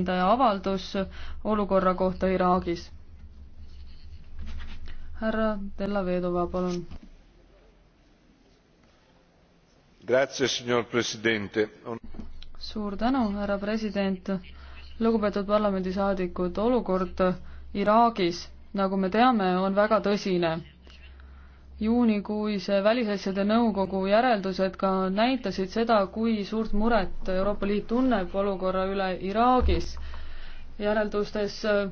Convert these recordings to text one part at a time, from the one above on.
esindaja avaldus olukorra kohta Iraagis. härra Della Vedova, palun. suur tänu, härra president. lugupeetud parlamendisaadikud, olukord Iraagis, nagu me teame, on väga tõsine juunikuise Välisasjade Nõukogu järeldused ka näitasid seda, kui suurt muret Euroopa Liit tunneb olukorra üle Iraagis. järeldustes äh,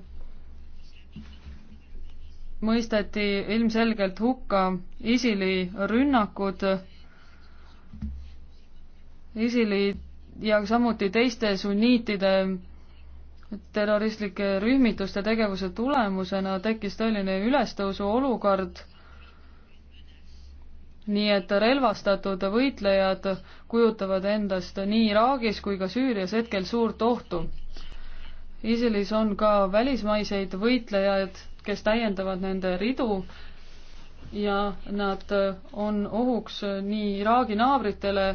mõisteti ilmselgelt hukka ISILi rünnakud, ISILi ja samuti teiste sunniitide terroristlike rühmituste tegevuse tulemusena tekkis tõeline ülestõusu olukord nii et relvastatud võitlejad kujutavad endast nii Iraagis kui ka Süürias hetkel suurt ohtu. ISILis on ka välismaiseid võitlejaid, kes täiendavad nende ridu ja nad on ohuks nii Iraagi naabritele,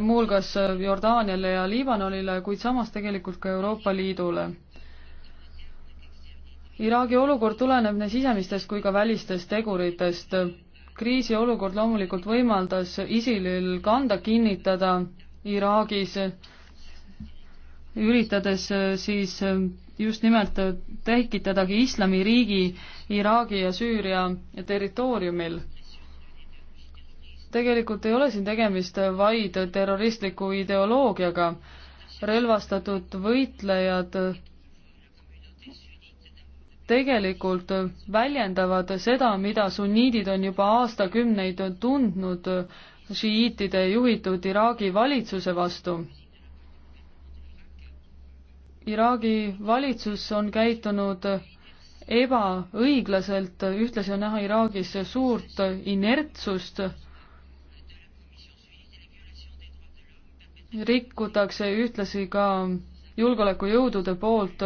muuhulgas Jordaaniale ja Liibanonile, kuid samas tegelikult ka Euroopa Liidule. Iraagi olukord tuleneb nii sisemistest kui ka välistest teguritest kriisiolukord loomulikult võimaldas ISILil kanda kinnitada Iraagis, üritades äh, siis äh, just nimelt äh, tekitadagi islamiriigi Iraagi ja Süüria territooriumil. tegelikult ei ole siin tegemist vaid terroristliku ideoloogiaga, relvastatud võitlejad tegelikult väljendavad seda, mida sunniidid on juba aastakümneid tundnud šiiitide juhitud Iraagi valitsuse vastu. Iraagi valitsus on käitunud ebaõiglaselt, ühtlasi on näha Iraagis suurt inertsust rikutakse ühtlasi ka julgeolekujõudude poolt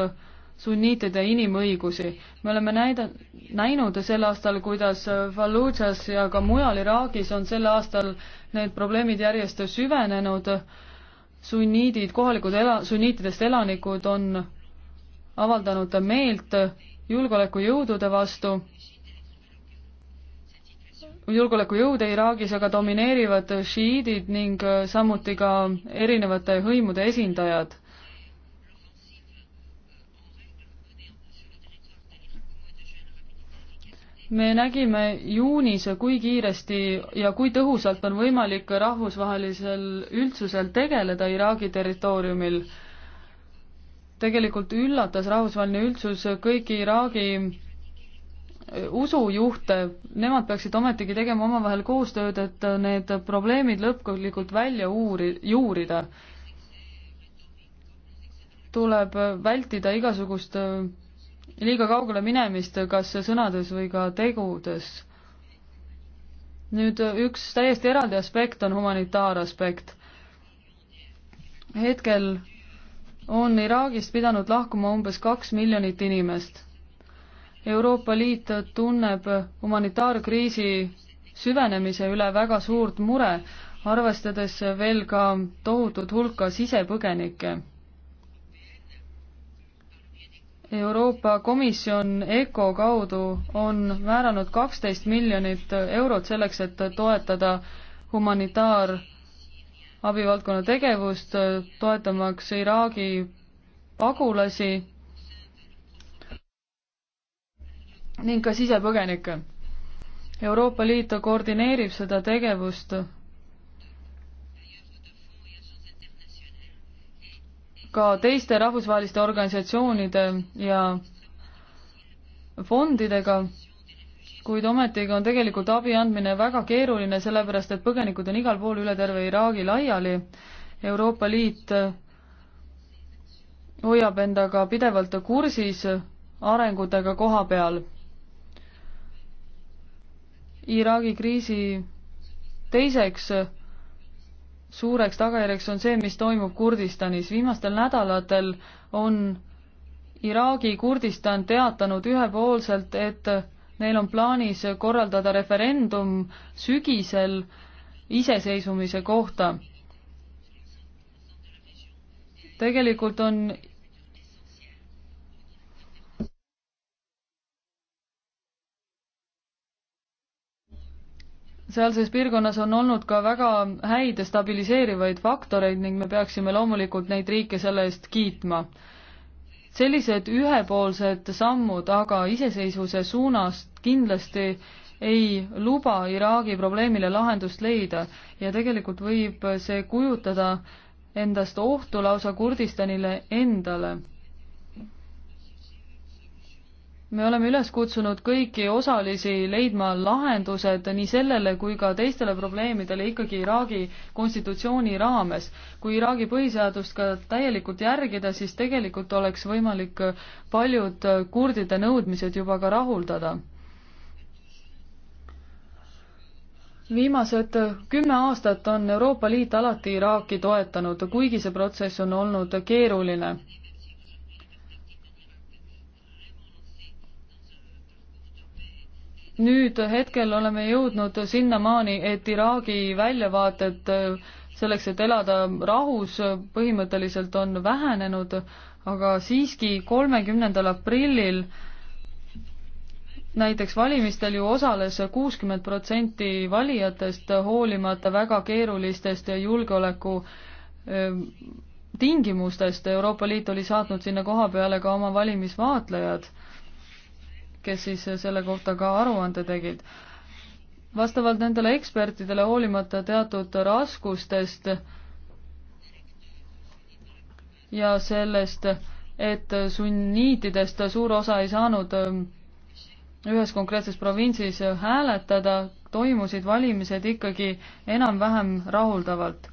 sunniitide inimõigusi. me oleme näida-, näinud sel aastal, kuidas Fallujahs ja ka mujal Iraagis on sel aastal need probleemid järjest süvenenud, sunniidid, kohalikud ela-, sunniitidest elanikud on avaldanud meelt julgeolekujõudude vastu, julgeolekujõude Iraagis aga domineerivad šiiidid ning samuti ka erinevate hõimude esindajad me nägime juunis, kui kiiresti ja kui tõhusalt on võimalik rahvusvahelisel üldsusel tegeleda Iraagi territooriumil. tegelikult üllatas rahvusvaheline üldsus kõiki Iraagi e, usujuhte, nemad peaksid ometigi tegema omavahel koostööd, et need probleemid lõplikult välja uuri-, juurida. tuleb vältida igasugust e, liiga kaugele minemist kas sõnades või ka tegudes. nüüd üks täiesti eraldi aspekt on humanitaaraspekt. hetkel on Iraagist pidanud lahkuma umbes kaks miljonit inimest. Euroopa Liit tunneb humanitaarkriisi süvenemise üle väga suurt mure, arvestades veel ka tohutut hulka sisepõgenikke Euroopa Komisjon ECO kaudu on määranud kaksteist miljonit eurot selleks, et toetada humanitaarabi valdkonna tegevust, toetamaks Iraagi pagulasi ning ka sisepõgenikke. Euroopa Liit koordineerib seda tegevust ka teiste rahvusvaheliste organisatsioonide ja fondidega, kuid ometigi on tegelikult abi andmine väga keeruline, sellepärast et põgenikud on igal pool üle terve Iraagi laiali. Euroopa Liit hoiab endaga pidevalt kursis arengutega koha peal. Iraagi kriisi teiseks suureks tagajärjeks on see, mis toimub Kurdistanis. viimastel nädalatel on Iraagi Kurdistan teatanud ühepoolselt, et neil on plaanis korraldada referendum sügisel iseseisvumise kohta. tegelikult on sealses piirkonnas on olnud ka väga häid ja stabiliseerivaid faktoreid ning me peaksime loomulikult neid riike selle eest kiitma. sellised ühepoolsed sammud aga iseseisvuse suunas kindlasti ei luba Iraagi probleemile lahendust leida ja tegelikult võib see kujutada endast ohtu lausa Kurdistanile endale me oleme üles kutsunud kõiki osalisi leidma lahendused nii sellele kui ka teistele probleemidele ikkagi Iraagi konstitutsiooni raames. kui Iraagi põhiseadust ka täielikult järgida, siis tegelikult oleks võimalik paljud kurdide nõudmised juba ka rahuldada. viimased kümme aastat on Euroopa Liit alati Iraaki toetanud, kuigi see protsess on olnud keeruline nüüd hetkel oleme jõudnud sinnamaani, et Iraagi väljavaated äh, selleks, et elada rahus, põhimõtteliselt on vähenenud, aga siiski kolmekümnendal aprillil näiteks valimistel ju osales kuuskümmend protsenti valijatest, hoolimata väga keerulistest julgeoleku äh, tingimustest, Euroopa Liit oli saatnud sinna koha peale ka oma valimisvaatlejad kes siis selle kohta ka aruande tegid. vastavalt nendele ekspertidele, hoolimata teatud raskustest ja sellest, et sunniitidest suur osa ei saanud ähm, ühes konkreetses provintsis hääletada, toimusid valimised ikkagi enam-vähem rahuldavalt.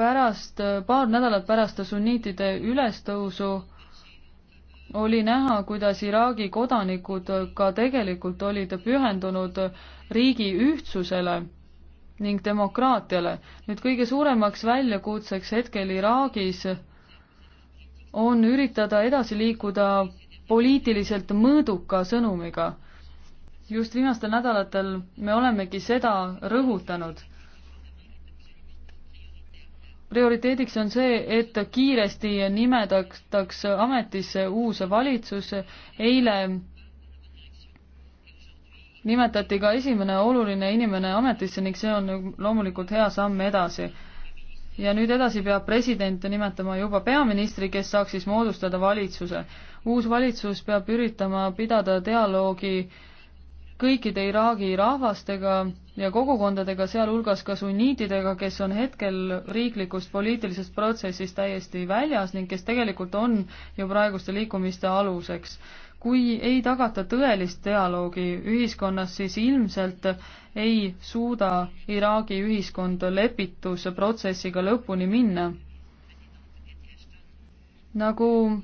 pärast, paar nädalat pärast sunniitide ülestõusu oli näha, kuidas Iraagi kodanikud ka tegelikult olid pühendunud riigi ühtsusele ning demokraatiale. nüüd kõige suuremaks väljakutseks hetkel Iraagis on üritada edasi liikuda poliitiliselt mõõduka sõnumiga. just viimastel nädalatel me olemegi seda rõhutanud prioriteediks on see, et kiiresti nimetataks ametisse uus valitsus. eile nimetati ka esimene oluline inimene ametisse ning see on loomulikult hea samm edasi. ja nüüd edasi peab president nimetama juba peaministri, kes saaks siis moodustada valitsuse. uus valitsus peab üritama pidada dialoogi kõikide Iraagi rahvastega ja kogukondadega, sealhulgas ka sunniitidega, kes on hetkel riiklikust poliitilisest protsessist täiesti väljas ning kes tegelikult on ju praeguste liikumiste aluseks. kui ei tagata tõelist dialoogi ühiskonnas, siis ilmselt ei suuda Iraagi ühiskond lepitusprotsessiga lõpuni minna. nagu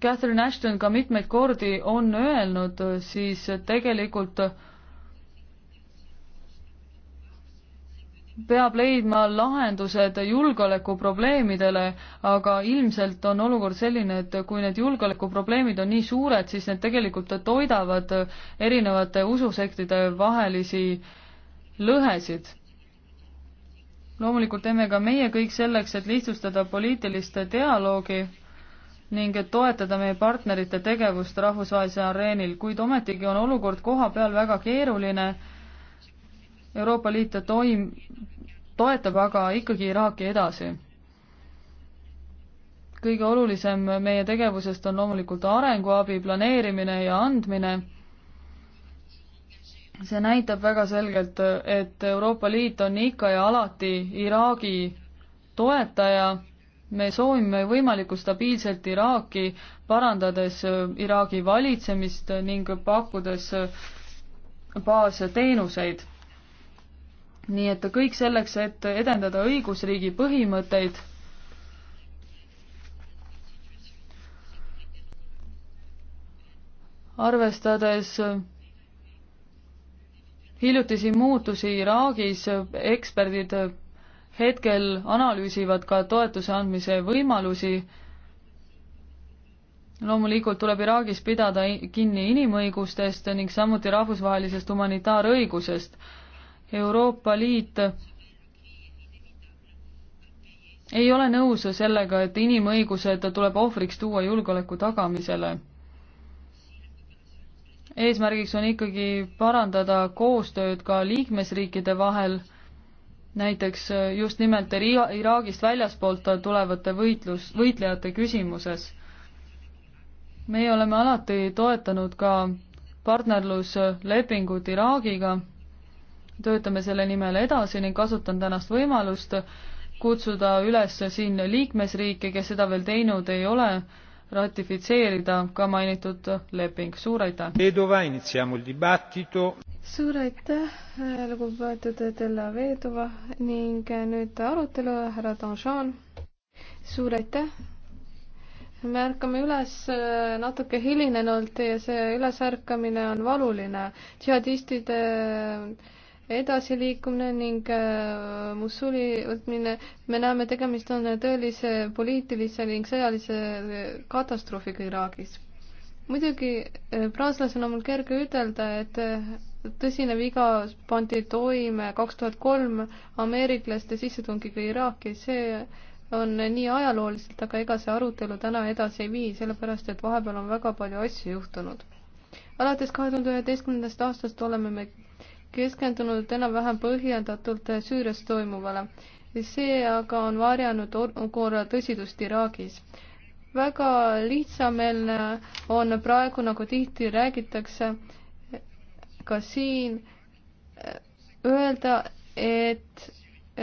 Catherine Ashton ka mitmeid kordi on öelnud, siis tegelikult peab leidma lahendused julgeolekuprobleemidele, aga ilmselt on olukord selline, et kui need julgeolekuprobleemid on nii suured, siis need tegelikult toidavad erinevate ususektide vahelisi lõhesid. loomulikult teeme ka meie kõik selleks, et lihtsustada poliitilist dialoogi ning et toetada meie partnerite tegevust rahvusvahelisel areenil, kuid ometigi on olukord koha peal väga keeruline Euroopa Liit toim-, toetab aga ikkagi Iraaki edasi. kõige olulisem meie tegevusest on loomulikult arenguabi planeerimine ja andmine see näitab väga selgelt, et Euroopa Liit on ikka ja alati Iraagi toetaja. me soovime võimalikult stabiilselt Iraaki, parandades Iraagi valitsemist ning pakkudes baasteenuseid nii et kõik selleks, et edendada õigusriigi põhimõtteid. arvestades hiljutisi muutusi Iraagis, eksperdid hetkel analüüsivad ka toetuse andmise võimalusi. loomulikult tuleb Iraagis pidada kinni inimõigustest ning samuti rahvusvahelisest humanitaarõigusest Euroopa Liit ei ole nõus sellega, et inimõigused tuleb ohvriks tuua julgeoleku tagamisele. eesmärgiks on ikkagi parandada koostööd ka liikmesriikide vahel, näiteks just nimelt Iraagist väljaspoolt tulevate võitlus, võitlejate küsimuses. meie oleme alati toetanud ka partnerluslepingut Iraagiga töötame selle nimel edasi ning kasutan tänast võimalust kutsuda üles siin liikmesriike, kes seda veel teinud ei ole, ratifitseerida ka mainitud leping. suur aitäh! E suur aitäh, lugupeetud Della Vedova ning nüüd arutelu, härra Danjean. suur aitäh! me ärkame üles äh, natuke hilinenult ja see ülesärkamine on valuline. džihadistide äh, edasiliikumine ning äh, Mussuli võtmine, me näeme, tegemist on tõelise poliitilise ning sõjalise äh, katastroofiga Iraagis. muidugi äh, prantslasena on mul kerge ütelda, et tõsine viga pandi toime kaks tuhat kolm ameeriklaste sissetungiga Iraaki, see on nii ajalooliselt, aga ega see arutelu täna edasi ei vii, sellepärast et vahepeal on väga palju asju juhtunud. alates kahe tuhande üheteistkümnendast aastast oleme me keskendunud enam-vähem põhjendatult Süürias toimuvale. see aga on varjanud olukorra tõsidust Iraagis. väga lihtsameelne on praegu, nagu tihti räägitakse, ka siin öelda, et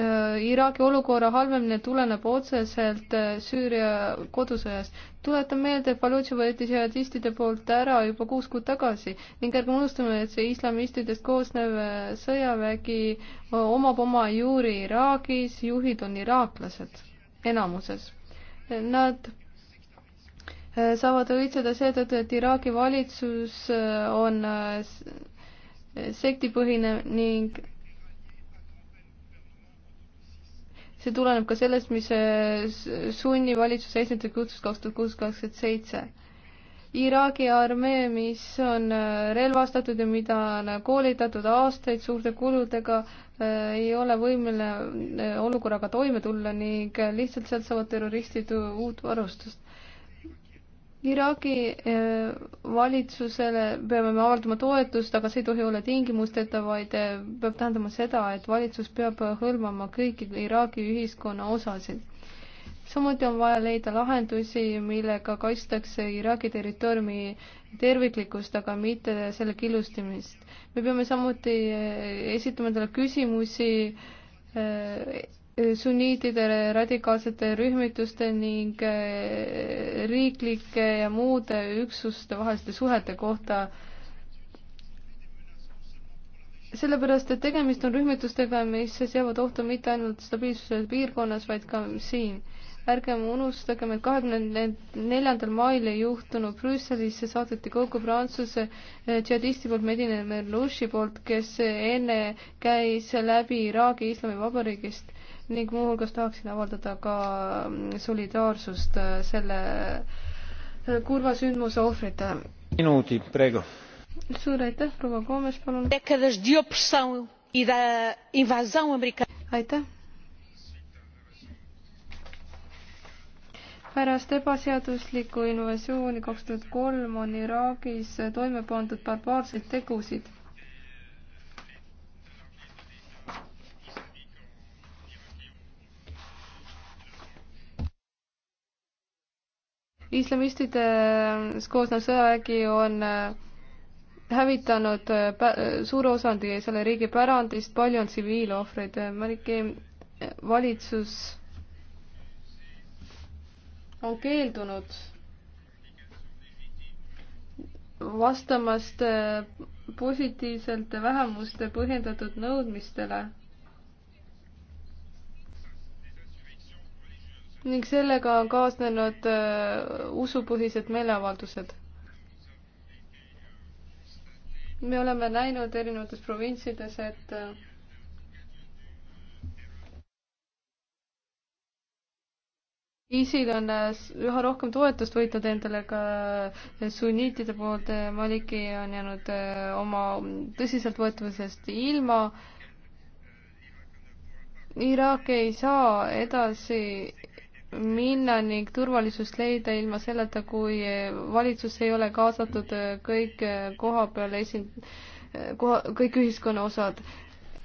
Äh, Iraagi olukorra halvemine tuleneb otseselt äh, Süüria kodusõjast. tuletan meelde, et Fallujah võeti džihadistide poolt ära juba kuus kuud tagasi ning ärge unustame, et see islamistidest koosnev äh, sõjavägi omab oma juuri Iraagis, juhid on iraaklased enamuses. Nad saavad õitseda seetõttu, et Iraagi valitsus on sektipõhine ning see tuleneb ka sellest, mis äh, sunni valitsuse esindaja kutsus kaks tuhat kuus, kaks tuhat seitse. Iraagi armee, mis on äh, relvastatud ja mida on äh, koolitatud aastaid suurte kuludega, ei ole võimeline olukorraga toime tulla ning lihtsalt sealt saavad terroristid uut varustust Iraagi eh, valitsusele peame me avaldama toetust, aga see ei tohi olla tingimusteta, vaid eh, peab tähendama seda, et valitsus peab hõlmama kõiki Iraagi ühiskonna osasid. samuti on vaja leida lahendusi, millega kaitstakse Iraagi territooriumi terviklikkust, aga mitte selle killustamist. me peame samuti eh, esitama endale küsimusi sunniitide radikaalsete rühmituste ning eh, riiklike ja muude üksuste vaheliste suhete kohta sellepärast, et tegemist on rühmitustega, mis seavad ohtu mitte ainult stabiilsuse piirkonnas, vaid ka siin ärgem unustagem, et kahekümne neljandal mail ei juhtunud Brüsselisse saadeti kokku Prantsuse eh, džihadisti poolt Medina Merlouchi poolt, kes enne käis läbi Iraagi Islamivabariigist ning muuhulgas tahaksin avaldada ka mm, solidaarsust eh, selle eh, kurva sündmuse ohvritele. minuti, praegu. suur aitäh, proua Koomes, palun. E aitäh pärast ebaseaduslikku invasiooni kaks tuhat kolm on Iraagis toime pandud barbaarseid tegusid. islamistide koosnev sõjavägi on äh, hävitanud äh, suure osandi selle riigi pärandist, palju on tsiviilohvreid, äh, valitsus on keeldunud vastamast äh, positiivselt vähemuste põhjendatud nõudmistele ning sellega on kaasnenud äh, usupõhised meeleavaldused. me oleme näinud erinevates provintsides, et äh, ISIL on äh, üha rohkem toetust võitnud endale ka äh, sunniitide poolt, äh, Maliki on jäänud oma tõsiseltvõetavusest ilma. Iraak ei saa edasi minna ning turvalisust leida ilma selleta, kui valitsus ei ole kaasatud kõik koha peal esind-, koha, kõik ühiskonna osad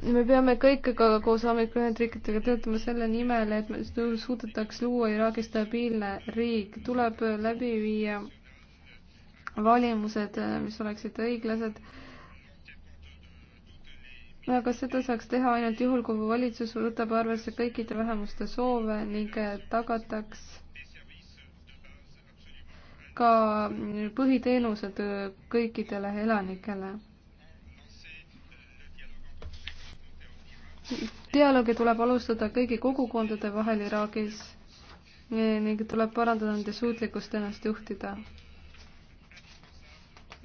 me peame kõik ka koos Ameerika Ühendriikidega töötama selle nimel, et me suudetaks luua Iraagi stabiilne riik, tuleb läbi viia valimused, mis oleksid õiglased. aga seda saaks teha ainult juhul, kui valitsus võtab arvesse kõikide vähemuste soove ning tagataks ka põhiteenused kõikidele elanikele dialoogi tuleb alustada kõigi kogukondade vahel Iraagis ning tuleb parandada nende suutlikkust ennast juhtida.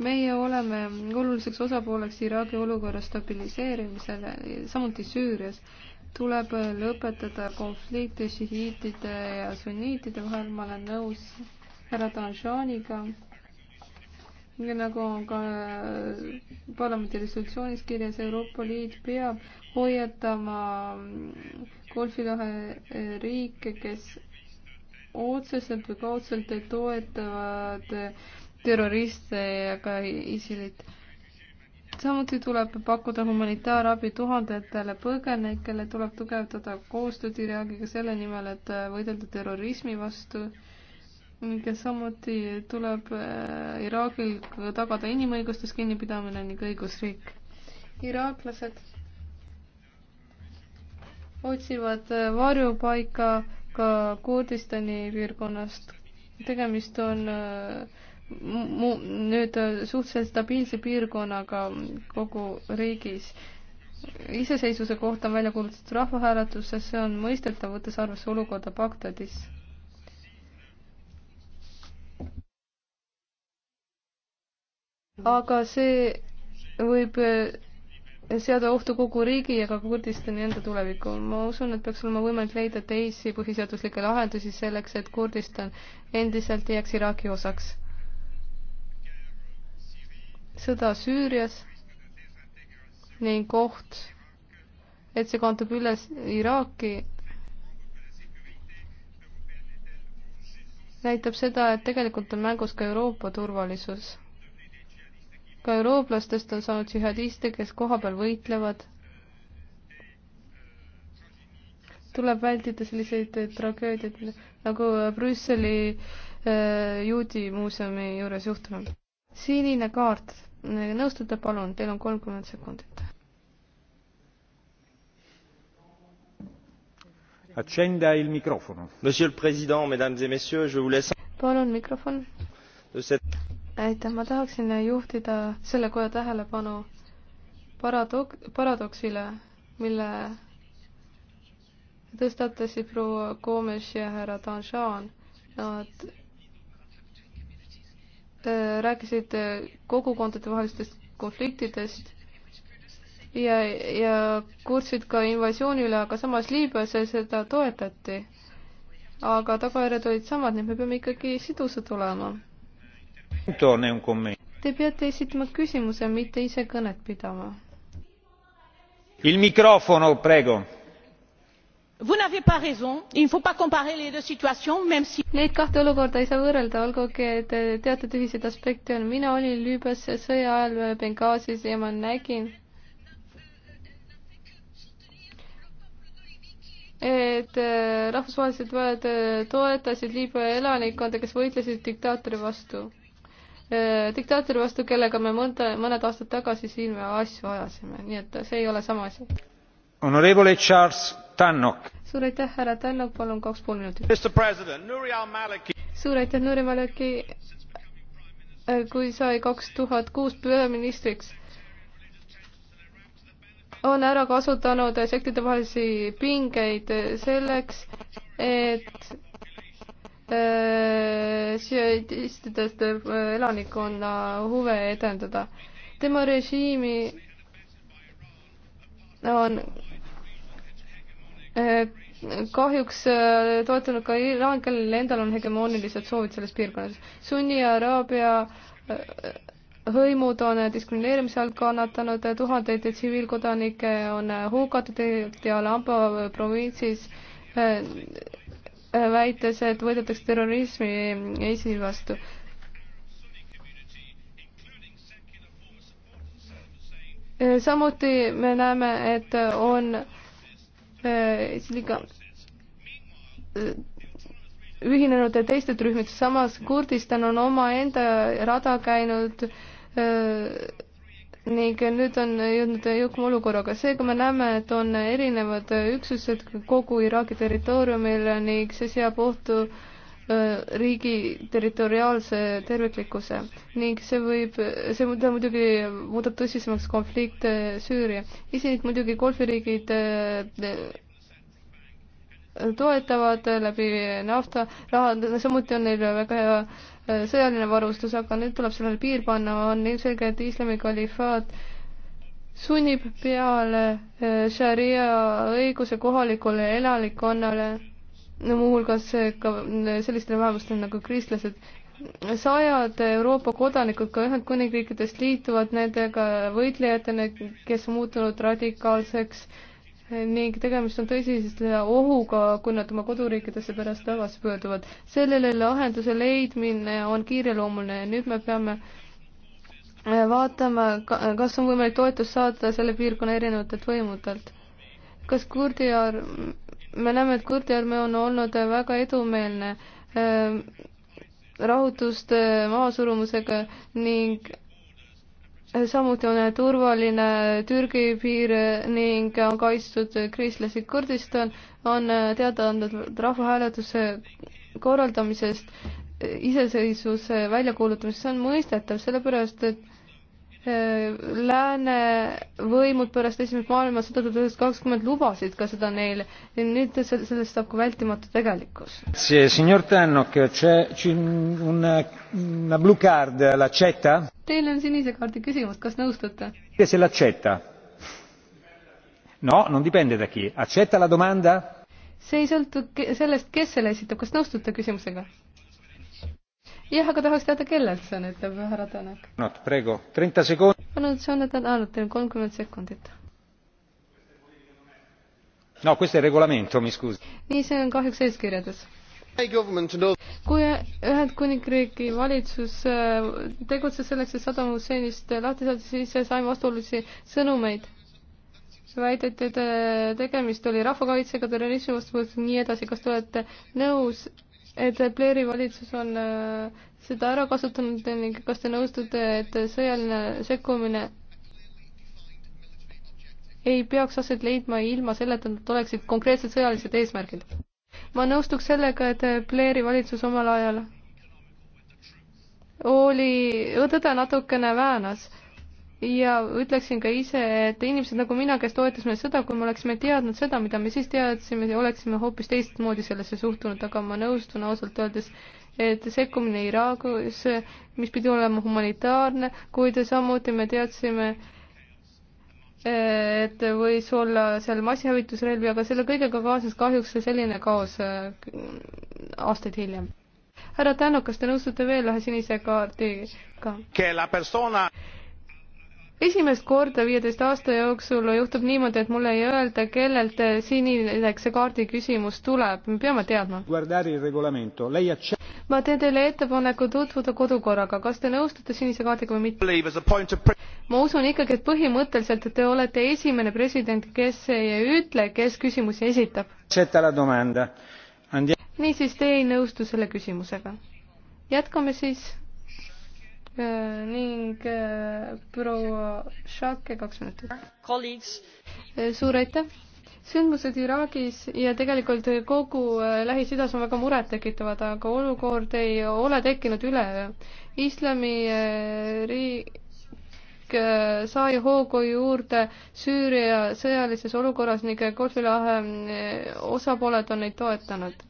meie oleme oluliseks osapooleks Iraagi olukorra stabiliseerimisele, samuti Süürias. tuleb lõpetada konflikte šihiitide ja sunniitide vahel, ma olen nõus härra Danjaniga nagu on ka parlamendi resolutsioonis kirjas, Euroopa Liit peab hoiatama Golfi lahe riike, kes otseselt või kaudselt toetavad terroriste ja ka ISILit. samuti tuleb pakkuda humanitaarabi tuhandetele põgenikele, tuleb tugevdada koostööd Iraagiga selle nimel, et võidelda terrorismi vastu ning samuti tuleb äh, Iraagil tagada inimõigustes kinnipidamine ning õigusriik. iraaklased otsivad äh, varjupaika ka Kurdistani piirkonnast. tegemist on äh, mu, nüüd suhteliselt stabiilse piirkonnaga kogu riigis. iseseisvuse kohta on välja kuulutatud rahvahääletus, sest see on mõistetav, võttes arvesse olukorda Bagdadis aga see võib eh, seada ohtu kogu riigi ja ka Kurdistani enda tulevikku. ma usun, et peaks olema võimalik leida teisi põhiseaduslikke lahendusi selleks, et Kurdistan endiselt jääks Iraagi osaks. sõda Süürias ning oht, et see kandub üles Iraaki, näitab seda, et tegelikult on mängus ka Euroopa turvalisus ka eurooplastest on saanud džihadiste, kes kohapeal võitlevad. tuleb vältida selliseid eh, tragöödiaid, nagu eh, Brüsseli äh, juudi muuseumi juures juhtunud. sinine kaart, nõustute palun, teil on kolmkümmend sekundit. monsieur le président mesdames et messieurs je vous laisse. palun mikrofon aitäh, ma tahaksin juhtida selle koja tähelepanu paradok-, paradoksile, mille tõstatasid proua Gomes ja härra Danjan. Nad äh, rääkisid kogukondade vahelistest konfliktidest ja, ja kurtsid ka invasiooni üle, aga samas Liibüas seda toetati. aga tagajärjed olid samad, nii et me peame ikkagi sidusad olema Te peate esitama küsimuse, mitte ise kõnet pidama. Il microfono, prego vous n'avez pas raison il ne faut pas comparer les deux situations même si. neid kahte olukorda ei saa võrrelda olgugi et eh, teatud ühiseid aspekte on mina olin liibüas sõja ajal benghazis ja ma nägin et eh, rahvusvahelised väed eh, toetasid liibüa elanikkonda kes võitlesid diktaatori vastu Äh, diktaatori vastu, kellega me mõnda, mõned aastad tagasi siin asju ajasime, nii et see ei ole sama asi. Honorable Charles Tannock. suur aitäh, härra Tannock, palun kaks pool minutit. suur aitäh, Nuri Maleki, äh, kui sai kaks tuhat kuus peaministriks on ära kasutanud sektidevahelisi pingeid selleks, et süödistidest äh, äh, elanikkonna huve edendada. tema režiimi on äh, kahjuks toetanud ka Iraan, kellel endal on hegemoonilised soovid selles piirkonnas. sunni Araabia hõimud on diskrimineerimise all kannatanud, tuhandeid tsiviilkodanikke on hukatud ja Lamba provintsis väites, et võidetakse terrorismi ISIL vastu. samuti me näeme, et on eh, ISILiga eh, ühinenud teiste rühmitus, samas Kurdistan on omaenda rada käinud öö, eh, ning nüüd on jõudnud jõukama olukorraga. seega me näeme, et on erinevad üksused kogu Iraagi territooriumil ning see seab ohtu äh, riigi territoriaalse terviklikkuse ning see võib, see muidu muidugi muudab tõsisemaks konflikte äh, Süüria. isegi muidugi golfiriigid äh, toetavad läbi nafta, raha, samuti on neil väga hea äh, sõjaline varustus, aga nüüd tuleb sellele piir panna, on ilmselge, et islami kalifaat sunnib peale äh, šaria õiguse kohalikule elanikkonnale, no muuhulgas äh, ka sellistele vähemustele nagu kristlased, sajad Euroopa kodanikud ka Ühendkuningriikidest liituvad nendega võitlejatena, kes on muutunud radikaalseks äh, ning tegemist on tõsise ohuga, kui nad oma koduriikidesse pärast tagasi pöörduvad. sellele lahenduse leidmine on kiireloomuline ja nüüd me peame äh, vaatama, kas on võimalik toetust saada selle piirkonna erinevatelt võimudelt. kas kurdi ar-, me näeme, et kurdi armee on olnud väga edumeelne äh, rahutuste äh, maasurumusega ning samuti on turvaline Türgi piir ning on kaitstud kristlasi Kurdistan, on teadaanded rahvahääletuse korraldamisest, iseseisvuse väljakuulutamisest, see on mõistetav, sellepärast et Äh, lääne võimud pärast esimest maailmasõda tuhat üheksasada kakskümmend lubasid ka seda neile. nüüd sellest saab ka vältimatu tegelikkus. Teil on sinise kaardi küsimus, kas nõustute? no non dipende da chi accetta la domanda? see ei sõltu sellest, kes selle esitab, kas nõustute küsimusega? jah, aga tahaks teada, kellelt see on, ütleb härra Tänak. palun, John Tänak, teil on kolmkümmend sekundit. no questo è il regolamento, mi scusi. nii, see on kahjuks eeskirjades kui Ühendkuningriigi valitsus äh, tegutses selleks, et Saddam Husseinist lahti saada, siis sai vastuolulisi sõnumeid. väideti, et äh, tegemist oli rahvakaitsega, terrorismi vastu, nii edasi, kas te olete nõus, et Blairi valitsus on äh, seda ära kasutanud ning kas te nõustute, et sõjaline sekkumine ei peaks aset leidma ilma selleta, et oleksid konkreetsed sõjalised eesmärgid? ma nõustuks sellega, et Blairi valitsus omal ajal oli, tõde natukene väänas ja ütleksin ka ise, et inimesed nagu mina, kes toetasime seda, kui me oleksime teadnud seda, mida me siis teadsime, oleksime hoopis teistmoodi sellesse suhtunud, aga ma nõustun ausalt öeldes, et sekkumine Iraagus, mis pidi olema humanitaarne, kuid samuti me teadsime, et võis olla seal massihävitusrelvi, aga selle kõigega kaasnes kahjuks selline kaos äh, aastaid hiljem härra Tänok, kas te nõustute veel ühe sinise kaardiga? esimest korda viieteist aasta jooksul juhtub niimoodi, et mulle ei öelda, kellelt sinise kaardi küsimus tuleb, me peame teadma. ma teen teile ettepaneku tutvuda kodukorraga, kas te nõustute sinise kaardiga või mitte? ma usun ikkagi, et põhimõtteliselt te olete esimene president, kes ei ütle, kes küsimusi esitab. niisiis, te ei nõustu selle küsimusega. jätkame siis Äh, ning äh, proua Šake kaks minutit. Äh, suur aitäh! sündmused Iraagis ja tegelikult kogu Lähis-Idas on väga murettekitavad, aga olukord ei ole tekkinud üleöö. islamiriik sai hoogu juurde Süüria sõjalises olukorras ning Golfi lahe osapooled on neid toetanud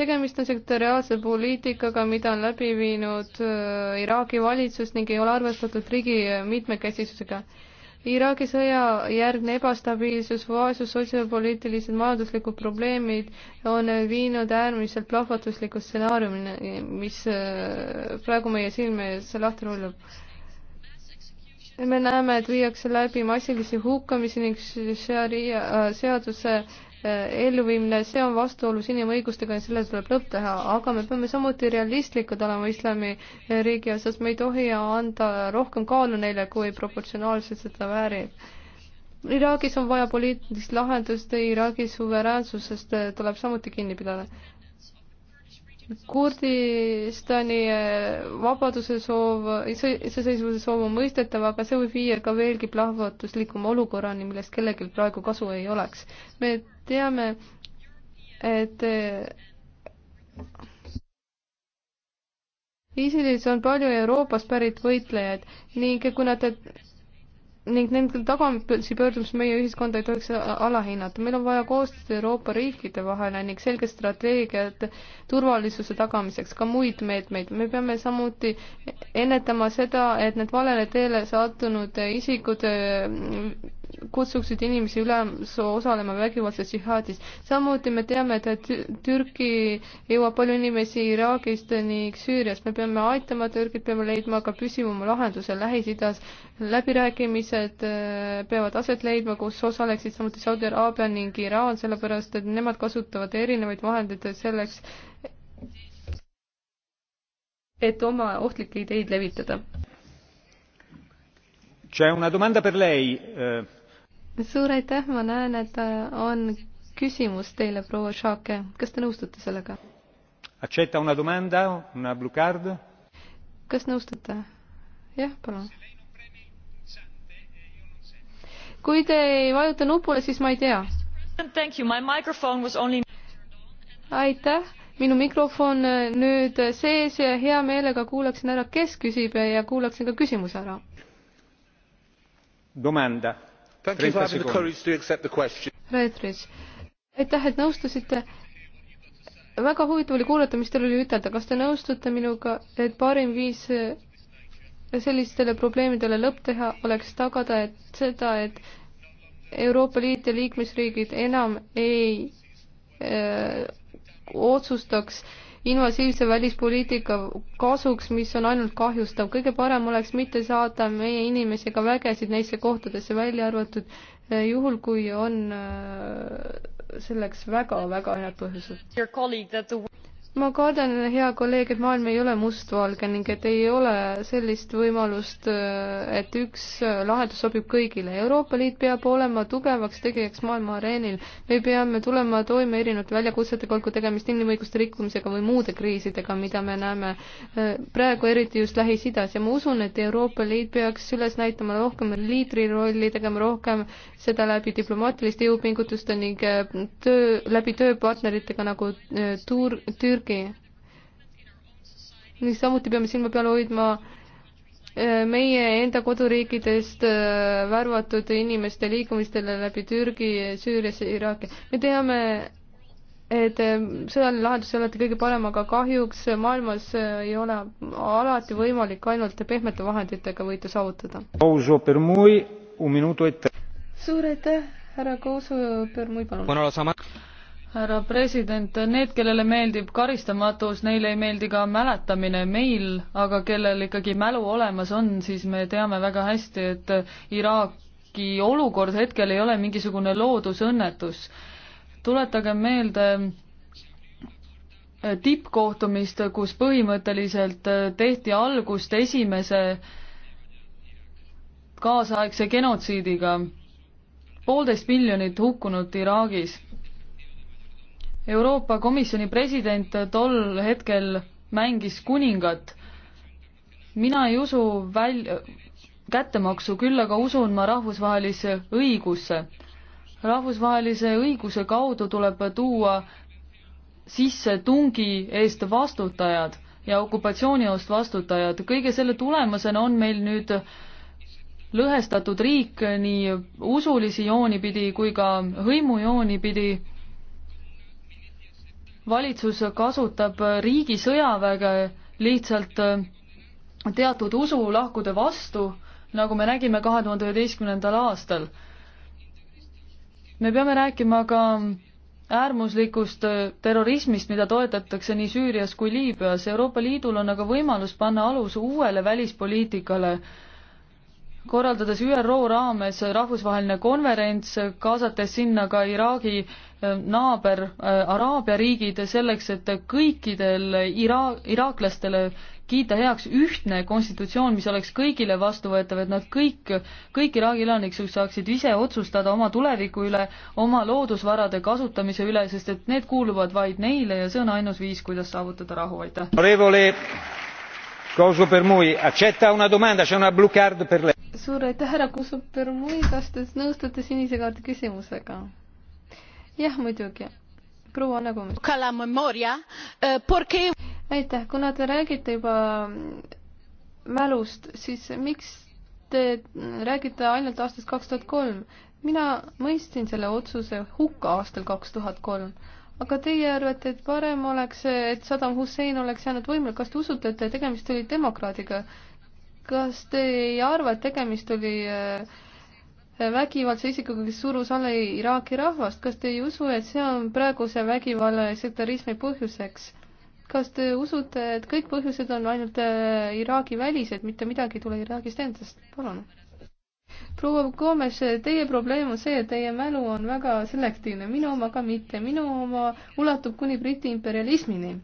tegemist on sektoriaalse poliitikaga, mida on läbi viinud äh, Iraagi valitsus ning ei ole arvestatud riigi äh, mitmekesisusega. Iraagi sõja järgne ebastabiilsus, vaesus, sotsiopoliitilised, majanduslikud probleemid on äh, viinud äärmiselt plahvatusliku stsenaariumini, mis praegu meie silme ees lahti rullub me näeme, et viiakse läbi massilisi hukkamisi ning šaria seaduse Eh, elluviimine, see on vastuolus inimõigustega ja sellele tuleb lõpp teha, aga me peame samuti realistlikud olema islamiriigi eh, osas, me ei tohi anda rohkem kaalu neile, kui proportsionaalselt seda väärib. Iraagis on vaja poliitilist lahendust, Iraagi suveräänsusest eh, tuleb samuti kinni pidada. Kurdistani vabaduse soov, iseseisvuse soov on mõistetav, aga see võib viia ka veelgi plahvatuslikuma olukorrani, millest kellelgi praegu kasu ei oleks. me teame, et ISILis on palju Euroopast pärit võitlejaid ning kui nad ning nendel tagasi pöördumist meie ühiskonda ei tohiks alahinnata. meil on vaja koostööd Euroopa riikide vahele ning selget strateegiat turvalisuse tagamiseks, ka muid meetmeid. me peame samuti ennetama seda, et need valele teele sattunud isikud kutsuksid inimesi üles osalema vägivaldses džihaadis. samuti me teame, et Türgi jõuab palju inimesi Iraagist ning Süüriast. me peame aitama Türgit, peame leidma ka püsivama lahenduse Lähis-Idas. läbirääkimised äh, peavad aset leidma, kus osaleksid samuti Saudi Araabia ning Iraan, sellepärast et nemad kasutavad erinevaid vahendeid selleks, et oma ohtlikke ideid levitada. C'è una domanda per lei, eh, suur aitäh, ma näen, et äh, on küsimus teile, proua Šake, kas te nõustute sellega? kas nõustute? jah, palun. kui te ei vajuta nupule, siis ma ei tea. Only... aitäh, minu mikrofon äh, nüüd sees ja hea meelega kuulaksin ära, kes küsib ja kuulaksin ka küsimuse ära. Domanda Reetris, aitäh, et nõustusite. väga huvitav oli kuulata, mis teil oli ütelda, kas te nõustute minuga, et parim viis sellistele probleemidele lõpp teha oleks tagada, et seda, et Euroopa Liit ja liikmesriigid enam ei öö, äh, otsustaks öö, invasiivse välispoliitika kasuks, mis on ainult kahjustav. kõige parem oleks mitte saada meie inimesi ega vägesid neisse kohtadesse, välja arvatud eh, juhul, kui on eh, selleks väga-väga head põhjused ma kardan, hea kolleeg, et maailm ei ole mustvalge ning et ei ole sellist võimalust, äh, et üks äh, lahendus sobib kõigile. Euroopa Liit peab olema tugevaks tegijaks maailma areenil. me peame tulema toime erinevate väljakutsetega, olgu tegemist inimõiguste rikkumisega või muude kriisidega, mida me näeme äh, praegu eriti just Lähis-Idas ja ma usun, et Euroopa Liit peaks üles näitama rohkem liidri rolli, tegema rohkem seda läbi diplomaatiliste jõupingutuste ning töö, läbi tööpartneritega nagu Tur-, Türgi, Türgi. samuti peame silma peal hoidma äh, meie enda koduriikidest äh, värvatud inimeste liikumistele läbi Türgi, Süüriasse, Iraaki. me teame, et äh, sõjaline lahendus ei ole alati kõige parem, aga kahjuks maailmas ei ole alati võimalik ainult pehmete vahenditega võitu saavutada. E suur aitäh, härra Kousu, palun härra president, need, kellele meeldib karistamatus, neile ei meeldi ka mäletamine, meil aga, kellel ikkagi mälu olemas on, siis me teame väga hästi, et Iraaki olukord hetkel ei ole mingisugune loodusõnnetus. tuletage meelde eh, tippkohtumist, kus põhimõtteliselt eh, tehti algust esimese kaasaegse genotsiidiga. poolteist miljonit hukkunut Iraagis Euroopa Komisjoni president tol hetkel mängis kuningat. mina ei usu väl-, kättemaksu, küll aga usun ma rahvusvahelisse õigusse. rahvusvahelise õiguse kaudu tuleb tuua sisse tungi eest vastutajad ja okupatsiooni eest vastutajad. kõige selle tulemusena on meil nüüd lõhestatud riik nii usulisi jooni pidi kui ka hõimujooni pidi valitsus kasutab riigi sõjaväge lihtsalt äh, teatud usulahkude vastu, nagu me nägime kahe tuhande üheteistkümnendal aastal. me peame rääkima ka äärmuslikust äh, terrorismist, mida toetatakse nii Süürias kui Liibüas. Euroopa Liidul on aga võimalus panna alus uuele välispoliitikale, korraldades ÜRO raames rahvusvaheline konverents, kaasates sinna ka Iraagi eh, naaber eh, Araabia riigid selleks, et kõikidel Ira-, iraaklastele kiita heaks ühtne konstitutsioon, mis oleks kõigile vastuvõetav, et nad kõik, kõik Iraagi elanikud saaksid ise otsustada oma tuleviku üle, oma loodusvarade kasutamise üle, sest et need kuuluvad vaid neile ja see on ainus viis, kuidas saavutada rahu, aitäh. Coso per mui, accetta una domanda, c'è una blue card per lei suur aitäh, härra Kusupermui, kas te nõustute sinise kaardi küsimusega? jah, muidugi. proua Anne Komes. Eh, aitäh, kuna te räägite juba mälust, siis miks te räägite ainult aastast kaks tuhat kolm? mina mõistsin selle otsuse hukka aastal kaks tuhat kolm, aga teie arvate, et parem oleks, et Saddam Hussein oleks jäänud võimule, kas te usute, et tegemist oli demokraadiga? kas te ei arva, et tegemist oli äh, vägivaldse isikuga, kes surus alla Iraagi rahvast, kas te ei usu, et see on praeguse vägivalla ja sektorismi põhjuseks? kas te usute, et kõik põhjused on ainult äh, Iraagi välised, mitte midagi ei tule Iraagist endast? palun. proua Gomes, teie probleem on see, et teie mälu on väga selektiivne, minu oma ka mitte, minu oma ulatub kuni Briti imperialismini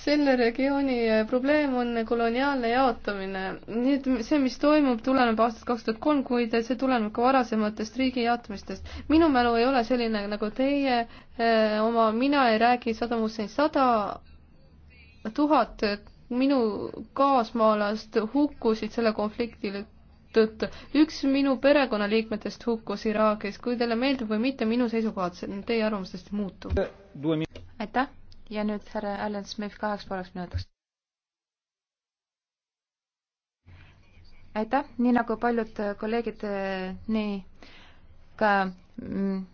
selle regiooni probleem on koloniaalne jaotamine. nüüd see, mis toimub, tuleneb aastast kaks tuhat kolm, kuid see tuleneb ka varasematest riigi jaotamistest. minu mälu ei ole selline nagu teie eh, oma, mina ei räägi sada Hussein sada tuhat minu kaasmaalast hukkusid selle konflikti tõttu. üks minu perekonnaliikmetest hukkus Iraagis. kui teile meeldib või mitte, minu seisukohad teie arvamustest ei muutu. aitäh ja nüüd härra Allan Smith kaheks pooleks minutiks. aitäh, nii nagu paljud kolleegid, eh, nii ka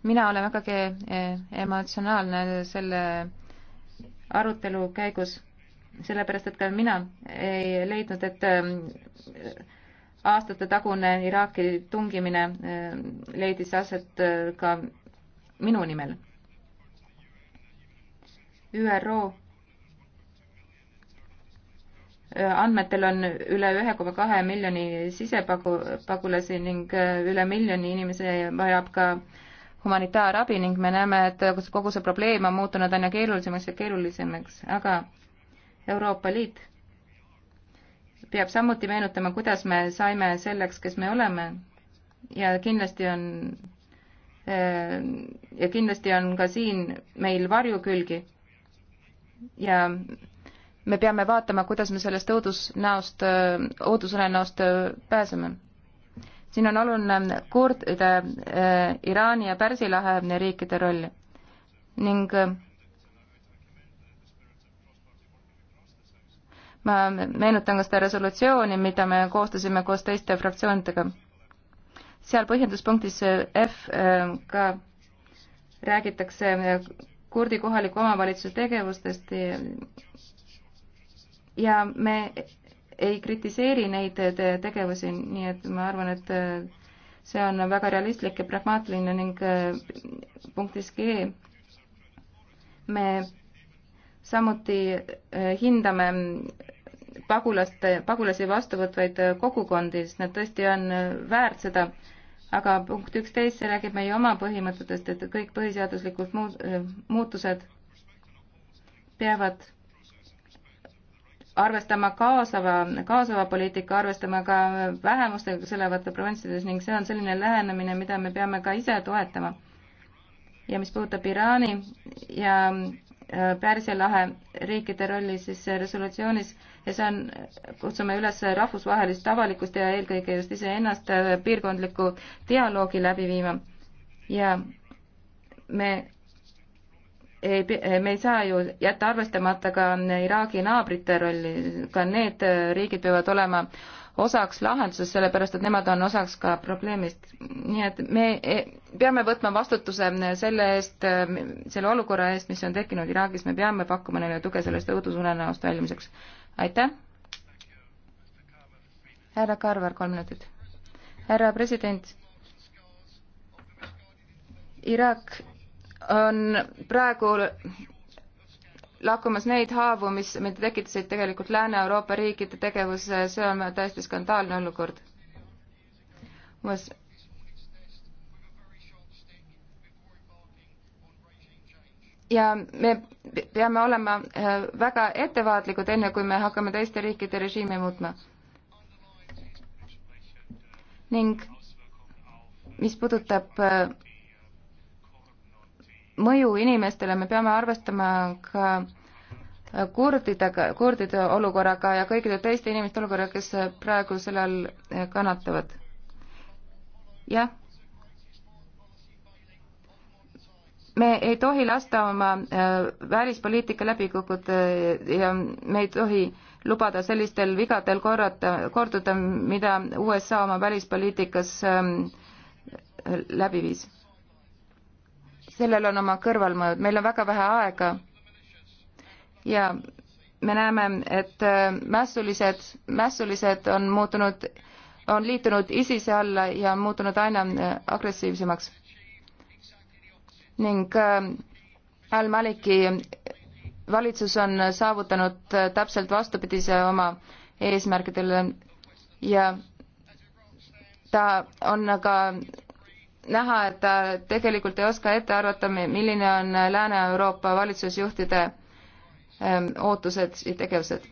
mina olen vägagi eh, emotsionaalne selle arutelu käigus, sellepärast et ka mina ei leidnud, et eh, aastatetagune Iraaki tungimine leidis aset ka minu nimel ÜRO äh, andmetel on üle ühe koma kahe miljoni sisepagulasi ning äh, üle miljoni inimese vajab ka humanitaarabi ning me näeme, et kogu see probleem on muutunud aina keerulisemaks ja keerulisemaks, aga Euroopa Liit peab samuti meenutama, kuidas me saime selleks, kes me oleme ja kindlasti on äh, ja kindlasti on ka siin meil varjukülgi ja me peame vaatama, kuidas me sellest õudusnäost, õudusunenäost äh, pääseme. siin on oluline kurdide äh,, Iraani ja Pärsi lahe riikide roll ning äh, ma meenutan ka seda resolutsiooni, mida me koostasime koos teiste fraktsioonidega. seal põhjenduspunktis F äh, ka räägitakse kurdi kohaliku omavalitsuse tegevustest ja me ei kritiseeri neid tegevusi, nii et ma arvan, et äh, see on väga realistlik ja pragmaatiline ning äh, punktis G me samuti äh, hindame pagulaste, pagulasi vastu võtvaid kogukondi, sest nad tõesti on väärt seda äh, aga punkt üksteist, see räägib meie oma põhimõtetest, et kõik põhiseaduslikud äh, muutused peavad arvestama kaasava, kaasava poliitika, arvestama ka vähemustega sõlevate provintsides ning see on selline lähenemine, mida me peame ka ise toetama. ja mis puudutab Iraani ja äh, Pärsia lahe riikide rolli, siis resolutsioonis ja see on, kutsume üles rahvusvahelist avalikkust ja eelkõige just iseennast äh, piirkondliku dialoogi läbi viima. ja me ei, me ei saa ju jätta arvestamata ka Iraagi naabrite rolli, ka need äh, riigid peavad olema osaks lahendusest, sellepärast et nemad on osaks ka probleemist. nii et me e, peame võtma vastutuse äh, selle eest, selle olukorra eest, mis on tekkinud Iraagis, me peame pakkuma neile tuge sellest õudusunenäost väljumiseks aitäh. härra Carver, kolm minutit. härra president. Iraak on praegu lakkumas neid haavu, mis meid tekitasid tegelikult Lääne-Euroopa riikide tegevus, see on täiesti skandaalne olukord. umbes ja me peame olema äh, väga ettevaatlikud, enne kui me hakkame teiste riikide režiimi muutma. ning mis puudutab äh, mõju inimestele, me peame arvestama ka äh, kurdidega, kurdide olukorraga ja kõikide teiste inimeste olukorraga, kes praegu selle all kannatavad. jah me ei tohi lasta oma äh, välispoliitika läbi kukkuda ja me ei tohi lubada sellistel vigadel korrata, korduda, mida USA oma välispoliitikas ähm, läbi viis. sellel on oma kõrvalmõjud, meil on väga vähe aega ja me näeme, et äh, mässulised, mässulised on muutunud, on liitunud ISISe alla ja on muutunud aina äh, agressiivsemaks ning äh, Al-Maliki valitsus on saavutanud äh, täpselt vastupidise oma eesmärkidele ja ta on aga näha, et ta tegelikult ei oska ette arvata, milline on Lääne-Euroopa valitsusjuhtide ähm, ootused ja tegevused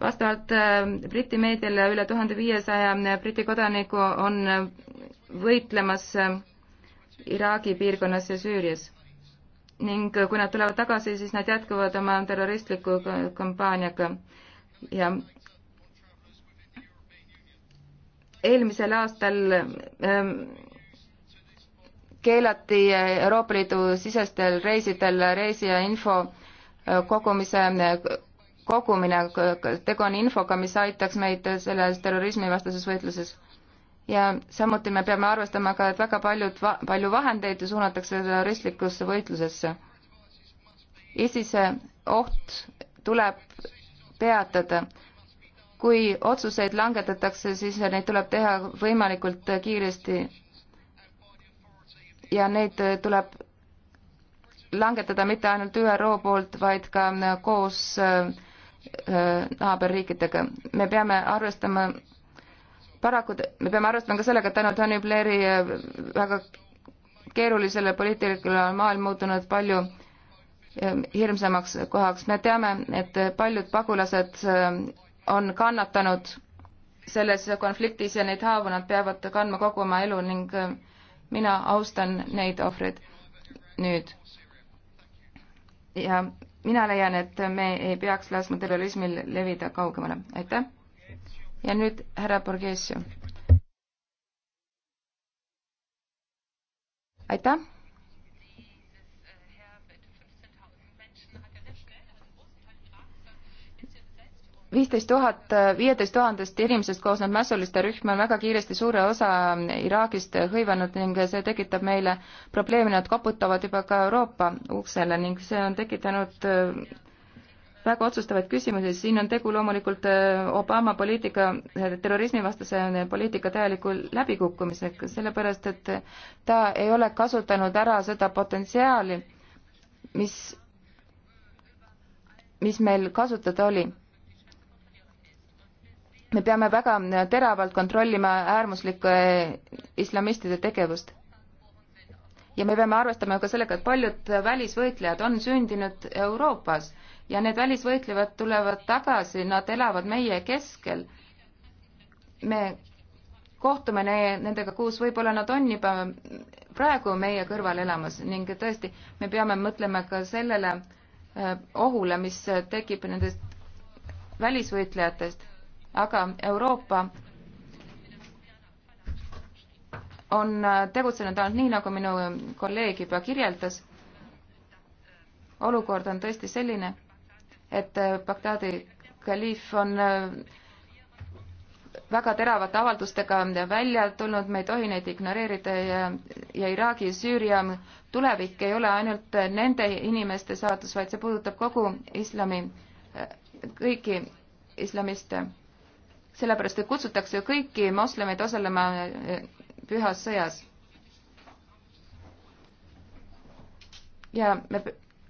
vastavalt äh, Briti meediale üle tuhande viiesaja äh, Briti kodaniku on äh, võitlemas Iraagi piirkonnas ja Süürias. ning kui nad tulevad tagasi, siis nad jätkuvad oma terroristliku kampaaniaga ja eelmisel aastal ähm, keelati Euroopa Liidu sisestel reisidel reisija info kogumise kogumine, tegu on infoga, mis aitaks meid selles terrorismivastases võitluses. ja samuti me peame arvestama ka, et väga paljud, palju vahendeid ju suunatakse terroristlikusse võitlusesse. ISISe oht tuleb peatada. kui otsuseid langetatakse, siis neid tuleb teha võimalikult kiiresti ja neid tuleb langetada mitte ainult ÜRO poolt, vaid ka koos äh, Äh, naaberriikidega. me peame arvestama paraku, me peame arvestama ka sellega, et tänu Tony Blairi äh, väga keerulisele poliitilikule on maailm muutunud palju äh, hirmsamaks kohaks. me teame, et paljud pagulased on kannatanud selles konfliktis ja neid haavu nad peavad kandma kogu oma elu ning mina austan neid ohvreid nüüd. ja mina leian, et me ei peaks laskma terrorismil levida kaugemale, aitäh. ja nüüd härra Borghesio. aitäh viisteist tuhat, viieteist tuhandest inimesest koosnev mässuliste rühm on väga kiiresti suure osa Iraagist hõivanud ning see tekitab meile probleemi, nad koputavad juba ka Euroopa uksele ning see on tekitanud äh, väga otsustavaid küsimusi, siin on tegu loomulikult äh, Obama poliitika, äh, terrorismivastase poliitika täieliku läbikukkumisega, sellepärast et ta ei ole kasutanud ära seda potentsiaali, mis, mis meil kasutada oli me peame väga teravalt kontrollima äärmuslike islamistide tegevust. ja me peame arvestama ka sellega, et paljud välisvõitlejad on sündinud Euroopas ja need välisvõitlejad tulevad tagasi, nad elavad meie keskel. me kohtume ne-, nendega kuus, võib-olla nad on juba praegu meie kõrval elamas ning tõesti, me peame mõtlema ka sellele eh, ohule, mis tekib nendest välisvõitlejatest aga Euroopa on tegutsenud ainult nii, nagu minu kolleeg juba kirjeldas. olukord on tõesti selline, et Bagdadi kaliif on äh, väga teravate avaldustega välja tulnud, me ei tohi neid ignoreerida ja, ja Iraagi ja Süüria tulevik ei ole ainult nende inimeste saatus, vaid see puudutab kogu islami, äh, kõiki islamiste sellepärast et kutsutakse kõiki moslemeid osalema eh, pühas sõjas. ja me,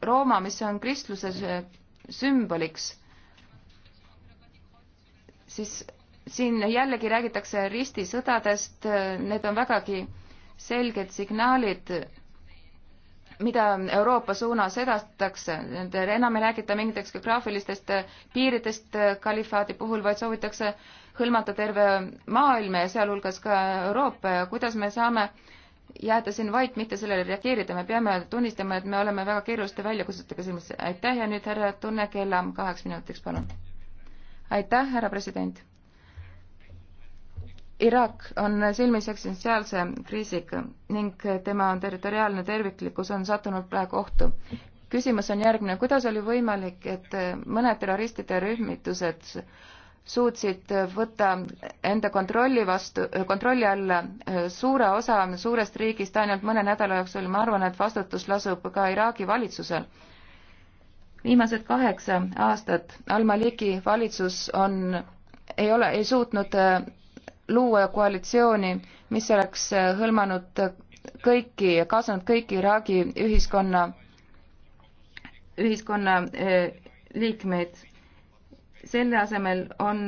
Rooma, mis on kristluse sümboliks, siis siin jällegi räägitakse ristisõdadest, eh, need on vägagi selged signaalid mida Euroopa suunas edastatakse, enam ei räägita mingitest geograafilistest piiridest kalifaadi puhul, vaid soovitakse hõlmata terve maailma ja sealhulgas ka Euroopa ja kuidas me saame jääda siin vait, mitte sellele reageerida, me peame tunnistama, et me oleme väga keeruliste väljakutsetega silmis. aitäh ja nüüd härra Tunne Kellam kaheks minutiks, palun. aitäh, härra president Iraak on silmis eksistentsiaalse kriisiga ning tema territoriaalne terviklikkus on sattunud praegu ohtu. küsimus on järgmine, kuidas oli võimalik, et mõned terroristide rühmitused suutsid võtta enda kontrolli vastu, kontrolli alla suure osa suurest riigist ainult mõne nädala jooksul, ma arvan, et vastutus lasub ka Iraagi valitsusel viimased kaheksa aastat Al-Maliki valitsus on, ei ole, ei suutnud luua koalitsiooni, mis oleks äh, hõlmanud kõiki, kaasanud kõiki Iraagi ühiskonna, ühiskonna äh, liikmeid. selle asemel on,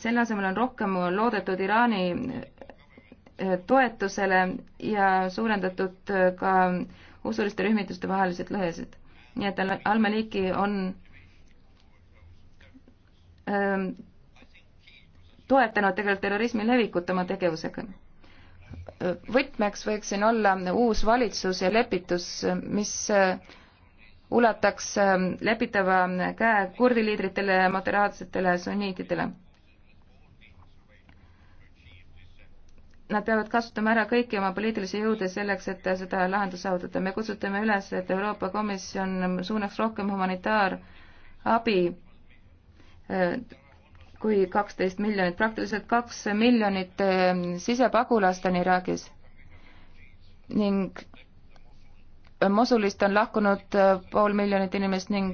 selle asemel on rohkem loodetud Iraani äh, toetusele ja suurendatud ka usuliste rühmituste vahelised lõhesid. nii et Al-Maliki on Ähm, toetanud tegelikult terrorismi levikut oma tegevusega. võtmeks võiks siin olla uus valitsus ja lepitus, mis äh, ulataks ähm, lepitava käe kurdi liidritele ja moderaatsetele sunniitidele nad peavad kasutama ära kõiki oma poliitilisi jõude selleks, et seda lahendust saavutada. me kutsutame üles, et Euroopa Komisjon suunaks rohkem humanitaarabi kui kaksteist miljonit, praktiliselt kaks miljonit ehm, sisepagulast on Iraagis ning ehm, Mosulist on lahkunud ehm, pool miljonit inimest ning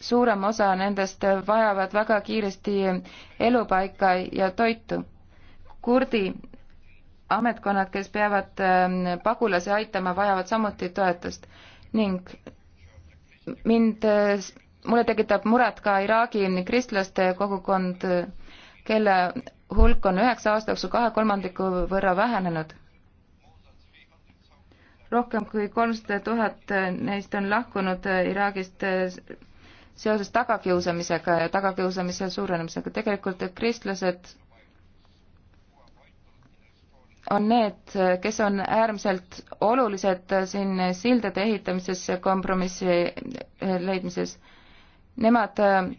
suurem osa nendest vajavad väga kiiresti elupaika ja toitu. kurdi ametkonnad, kes peavad pagulasi aitama, vajavad samuti toetust ning mind mulle tekitab muret ka Iraagi kristlaste kogukond, kelle hulk on üheksa aasta jooksul kahe kolmandiku võrra vähenenud. rohkem kui kolmsada tuhat neist on lahkunud Iraagist seoses tagakiusamisega ja tagakiusamise suurenemisega. tegelikult kristlased on need, kes on äärmiselt olulised siin sildade ehitamises, kompromissi leidmises nemad äh,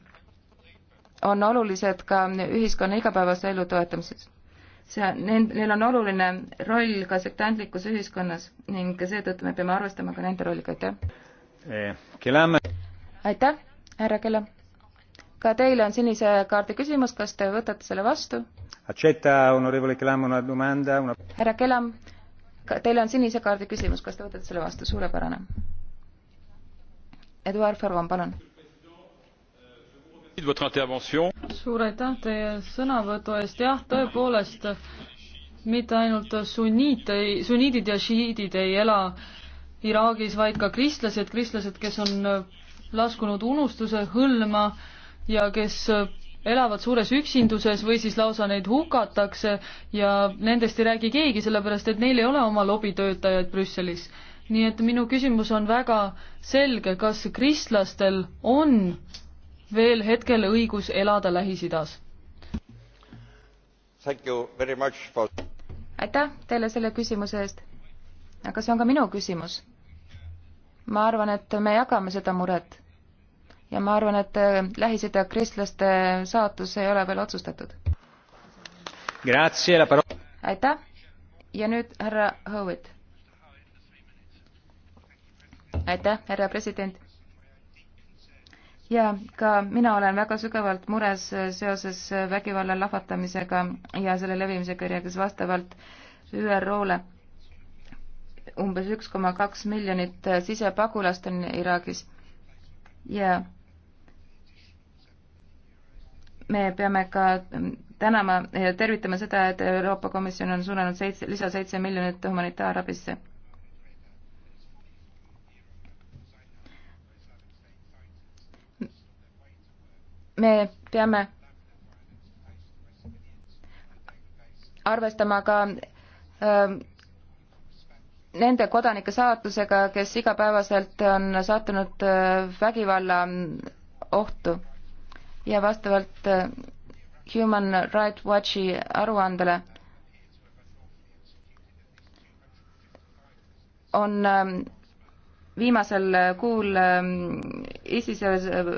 on olulised ka ühiskonna igapäevase elu toetamises. see, neil on oluline roll ka sektantlikus ühiskonnas ning seetõttu me peame arvestama ka nende rolliga, aitäh. Eh, aitäh, härra Kella. ka teile on sinise kaardi küsimus, kas te võtate selle vastu? härra Kelam, teil on sinise kaardi küsimus, kas te võtate selle vastu, suurepärane. Eduard Farvan, palun suur aitäh teie sõnavõtu eest, jah, tõepoolest mitte ainult sunniit, sunniidid ja šiiidid ei ela Iraagis, vaid ka kristlased, kristlased, kes on laskunud unustuse hõlma ja kes elavad suures üksinduses või siis lausa neid hukatakse ja nendest ei räägi keegi, sellepärast et neil ei ole oma lobitöötajaid Brüsselis. nii et minu küsimus on väga selge, kas kristlastel on veel hetkel õigus elada Lähis-Idas. aitäh teile selle küsimuse eest. aga see on ka minu küsimus. ma arvan, et me jagame seda muret. ja ma arvan, et äh, Lähis-Ida kristlaste saatus ei ole veel otsustatud. aitäh ja nüüd härra Howitt. aitäh, härra president ja ka mina olen väga sügavalt mures seoses vägivalla lahvatamisega ja selle levimisega järjekordselt vastavalt ÜRO-le. umbes üks koma kaks miljonit sisepagulast on Iraagis ja me peame ka tänama ja tervitama seda, et Euroopa Komisjon on suunanud seitse, lisa seitse miljonit humanitaarabisse me peame arvestama ka äh, nende kodanike saatusega, kes igapäevaselt on sattunud äh, vägivalla ohtu ja vastavalt äh, Human Rights Watchi aruandele on ähm, viimasel kuul ähm, ISISe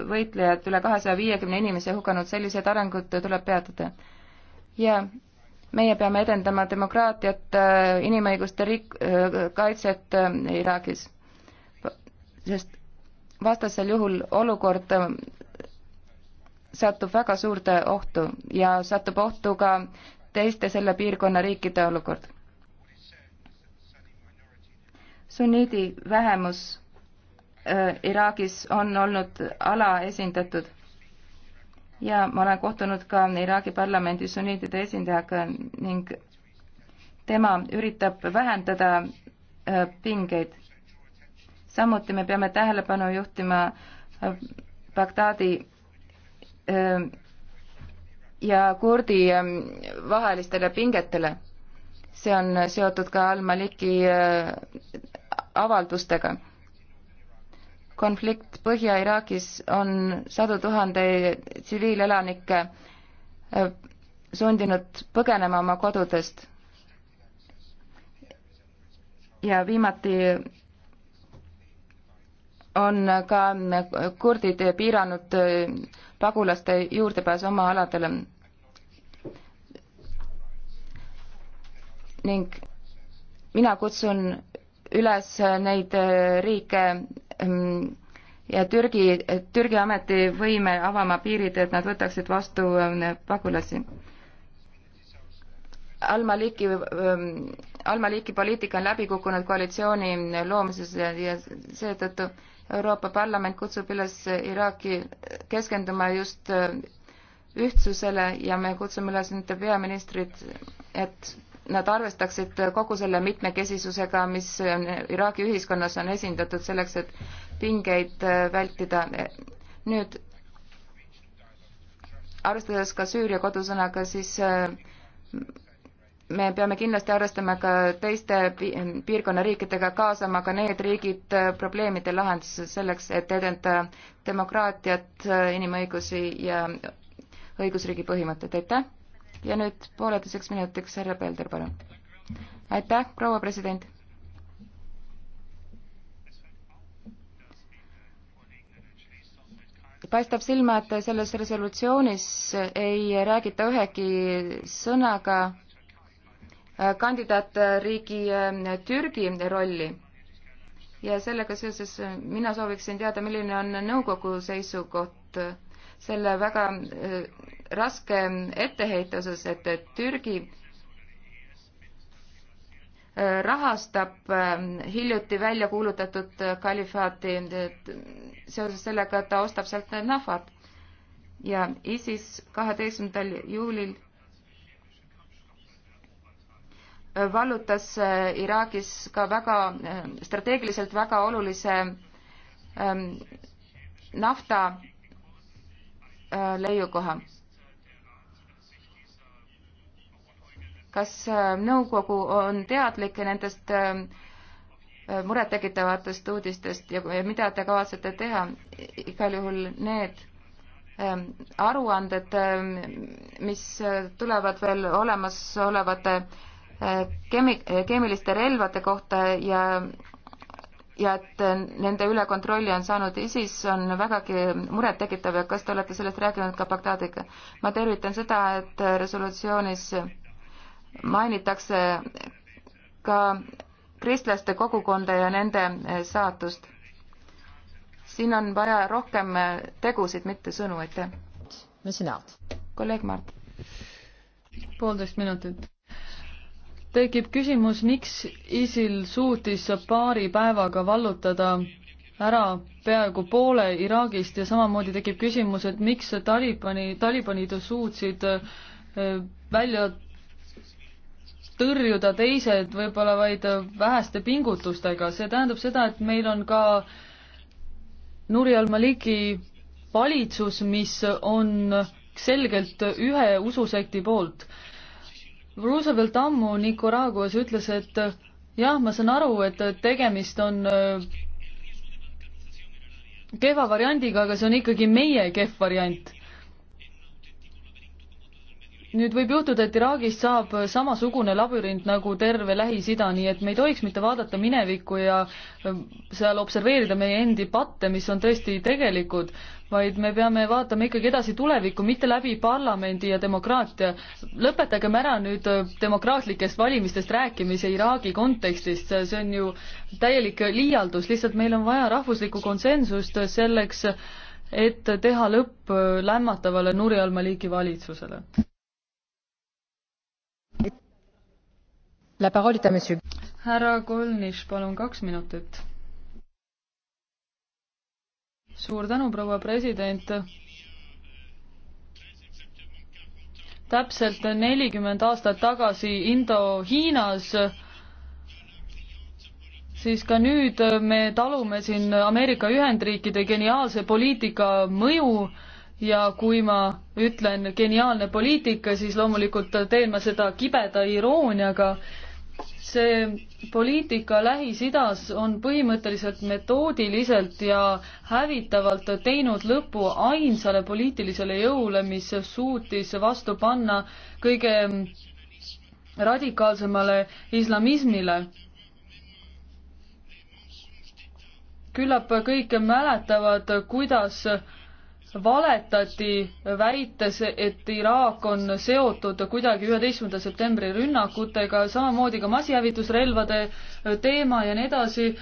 võitlejad, üle kahesaja viiekümne inimese hukanud, sellised arengud tuleb peatada. ja meie peame edendama demokraatiat, äh, inimõiguste rik-, äh, kaitset äh, Iraagis. sest vastasel juhul olukord ähm, satub väga suurde ohtu ja satub ohtu ka teiste selle piirkonna riikide olukord sunniidi vähemus äh, Iraagis on olnud alaesindatud ja ma olen kohtunud ka Iraagi parlamendi sunniidide esindajaga ning tema üritab vähendada äh, pingeid. samuti me peame tähelepanu juhtima äh, Bagdadi ja kurdi vahelistele pingetele see on seotud ka Al-Maliki äh, avaldustega. konflikt Põhja-Iraagis on sadu tuhandeid tsiviilelanikke äh, sundinud põgenema oma kodudest ja viimati on ka kurdid piiranud äh, pagulaste juurdepääsu oma aladele ning mina kutsun üles neid äh, riike ähm, ja Türgi, Türgi ametivõime avama piirid, et nad võtaksid vastu ähm, pagulasi. Al-Maliki, ähm, Al-Maliki poliitika on läbi kukkunud koalitsiooni äh, loomises ja, ja seetõttu Euroopa Parlament kutsub üles Iraaki keskenduma just äh, ühtsusele ja me kutsume üles nende peaministrit, et nad arvestaksid kogu selle mitmekesisusega, mis Iraagi ühiskonnas on esindatud selleks, et pingeid äh, vältida. nüüd arvestades ka Süüria kodusõnaga, siis äh, me peame kindlasti arvestama ka teiste piirkonna riikidega, kaasama ka need riigid äh, probleemide lahendusse selleks, et edendada demokraatiat, inimõigusi ja õigusriigi põhimõtteid, aitäh! ja nüüd pooleteiseks minutiks härra Pelder, palun. aitäh, proua president. paistab silma, et selles resolutsioonis ei räägita ühegi sõnaga kandidaatriigi äh, Türgi rolli ja sellega seoses mina sooviksin teada, milline on nõukogu seisukoht selle väga äh, raske ette heita osas, et Türgi äh, rahastab ähm, hiljuti välja kuulutatud äh, kalifaati äh, seoses sellega, et ta ostab sealt nafat ja ISIS kaheteistkümnendal juulil vallutas Iraagis ka väga strateegiliselt väga olulise ähm, nafta leiukoha kas äh, nõukogu on teadlik nendest äh, äh, murettekitavatest uudistest ja mida te kavatsete teha? igal juhul need ähm, aruanded, ähm, mis tulevad veel olemasolevate keemi-, keemiliste relvade kohta ja ja et nende üle kontrolli on saanud ISIS, on vägagi murettekitav ja kas te olete sellest rääkinud ka Bagdadiga? ma tervitan seda, et resolutsioonis mainitakse ka kristlaste kogukonda ja nende eh, saatust. siin on vaja rohkem eh, tegusid, mitte sõnu, aitäh. kolleeg Mart. poolteist minutit tekib küsimus, miks ISIL suutis paari päevaga vallutada ära peaaegu poole Iraagist ja samamoodi tekib küsimus, et miks Talibani, talibanid suutsid eh, välja tõrjuda teised võib-olla vaid väheste pingutustega, see tähendab seda, et meil on ka Nuri al-Maliki valitsus, mis on selgelt ühe ususekti poolt. Roosevelt ammu Nicaraguas ütles, et jah, ma saan aru, et tegemist on äh, kehva variandiga, aga see on ikkagi meie kehv variant nüüd võib juhtuda, et Iraagist saab samasugune labürint nagu terve Lähis-Ida, nii et me ei tohiks mitte vaadata minevikku ja äh, seal observeerida meie endi patte, mis on tõesti tegelikud, vaid me peame vaatama ikkagi edasi tulevikku, mitte läbi parlamendi ja demokraatia. lõpetagem ära nüüd äh, demokraatlikest valimistest rääkimise Iraagi kontekstist, see on ju täielik liialdus, lihtsalt meil on vaja rahvuslikku konsensust selleks, et teha lõpp äh, lämmatavale Nuri al-Maliki valitsusele. härra Kolnis, palun kaks minutit. suur tänu, proua president. täpselt nelikümmend aastat tagasi Indo-Hiinas siis ka nüüd me talume siin Ameerika Ühendriikide geniaalse poliitika mõju ja kui ma ütlen geniaalne poliitika, siis loomulikult teen ma seda kibeda irooniaga see poliitika Lähis-Idas on põhimõtteliselt metoodiliselt ja hävitavalt teinud lõpu ainsale poliitilisele jõule, mis suutis vastu panna kõige radikaalsemale islamismile. küllap kõik mäletavad, kuidas valetati, väites, et Iraak on seotud kuidagi üheteistkümnenda septembri rünnakutega, samamoodi ka massihävitusrelvade teema ja nii edasi.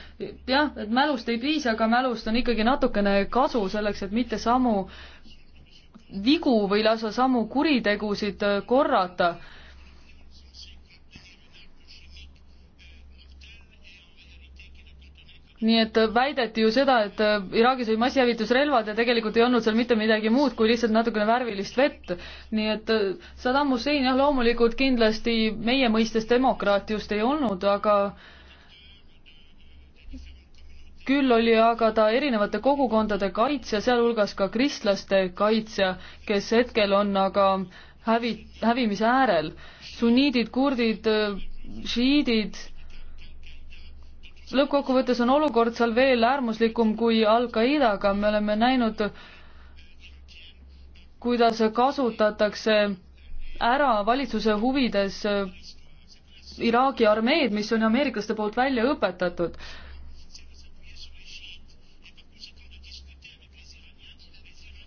jah, et mälust ei piisa, aga mälust on ikkagi natukene kasu selleks, et mitte samu vigu või lausa samu kuritegusid korrata nii et äh, väideti ju seda, et äh, Iraagis olid massihävitusrelvad ja tegelikult ei olnud seal mitte midagi muud kui lihtsalt natukene värvilist vett. nii et äh, Saddam Hussein jah, loomulikult kindlasti meie mõistes demokraat just ei olnud, aga küll oli aga ta erinevate kogukondade kaitsja, sealhulgas ka kristlaste kaitsja, kes hetkel on aga hävi, hävimise äärel. sunniidid, kurdid, šiiidid lõppkokkuvõttes on olukord seal veel äärmuslikum kui Al-Qaidaga, me oleme näinud, kuidas kasutatakse ära valitsuse huvides Iraagi armeed, mis on ameeriklaste poolt välja õpetatud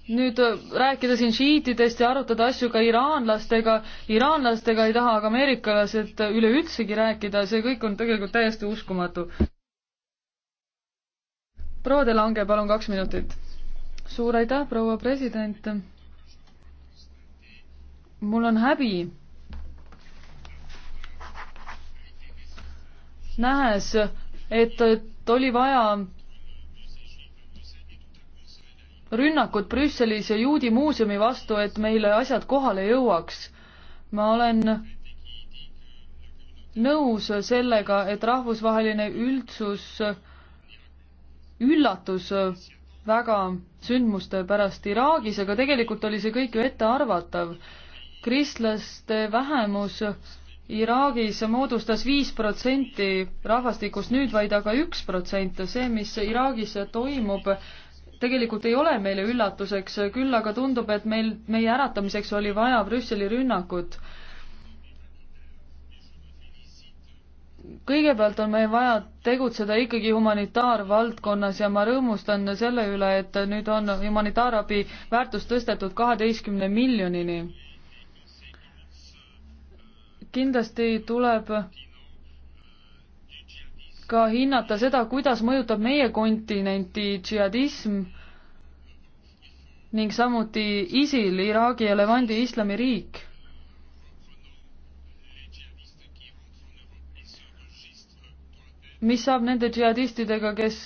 nüüd äh, rääkida siin šiitidest ja arutada asju ka iraanlastega, iraanlastega ei taha aga ameerikalased äh, üleüldsegi rääkida, see kõik on tegelikult täiesti uskumatu. proua De Lange, palun kaks minutit. suur aitäh, proua president. mul on häbi. nähes, et, et oli vaja rünnakud Brüsselis juudi muuseumi vastu, et meile asjad kohale jõuaks. ma olen nõus sellega, et rahvusvaheline üldsus üllatus väga sündmuste pärast Iraagis, aga tegelikult oli see kõik ju ettearvatav. kristlaste vähemus Iraagis moodustas viis protsenti rahvastikust, nüüd vaid aga üks protsent. see, mis Iraagis toimub, tegelikult ei ole meile üllatuseks, küll aga tundub, et meil, meie äratamiseks oli vaja Brüsseli rünnakut. kõigepealt on meil vaja tegutseda ikkagi humanitaarvaldkonnas ja ma rõõmustan selle üle, et nüüd on humanitaarabi väärtus tõstetud kaheteistkümne miljonini. kindlasti tuleb ka hinnata seda, kuidas mõjutab meie kontinenti džihadism ning samuti ISIL, Iraagi ja Levandi islamiriik. mis saab nende džihadistidega, kes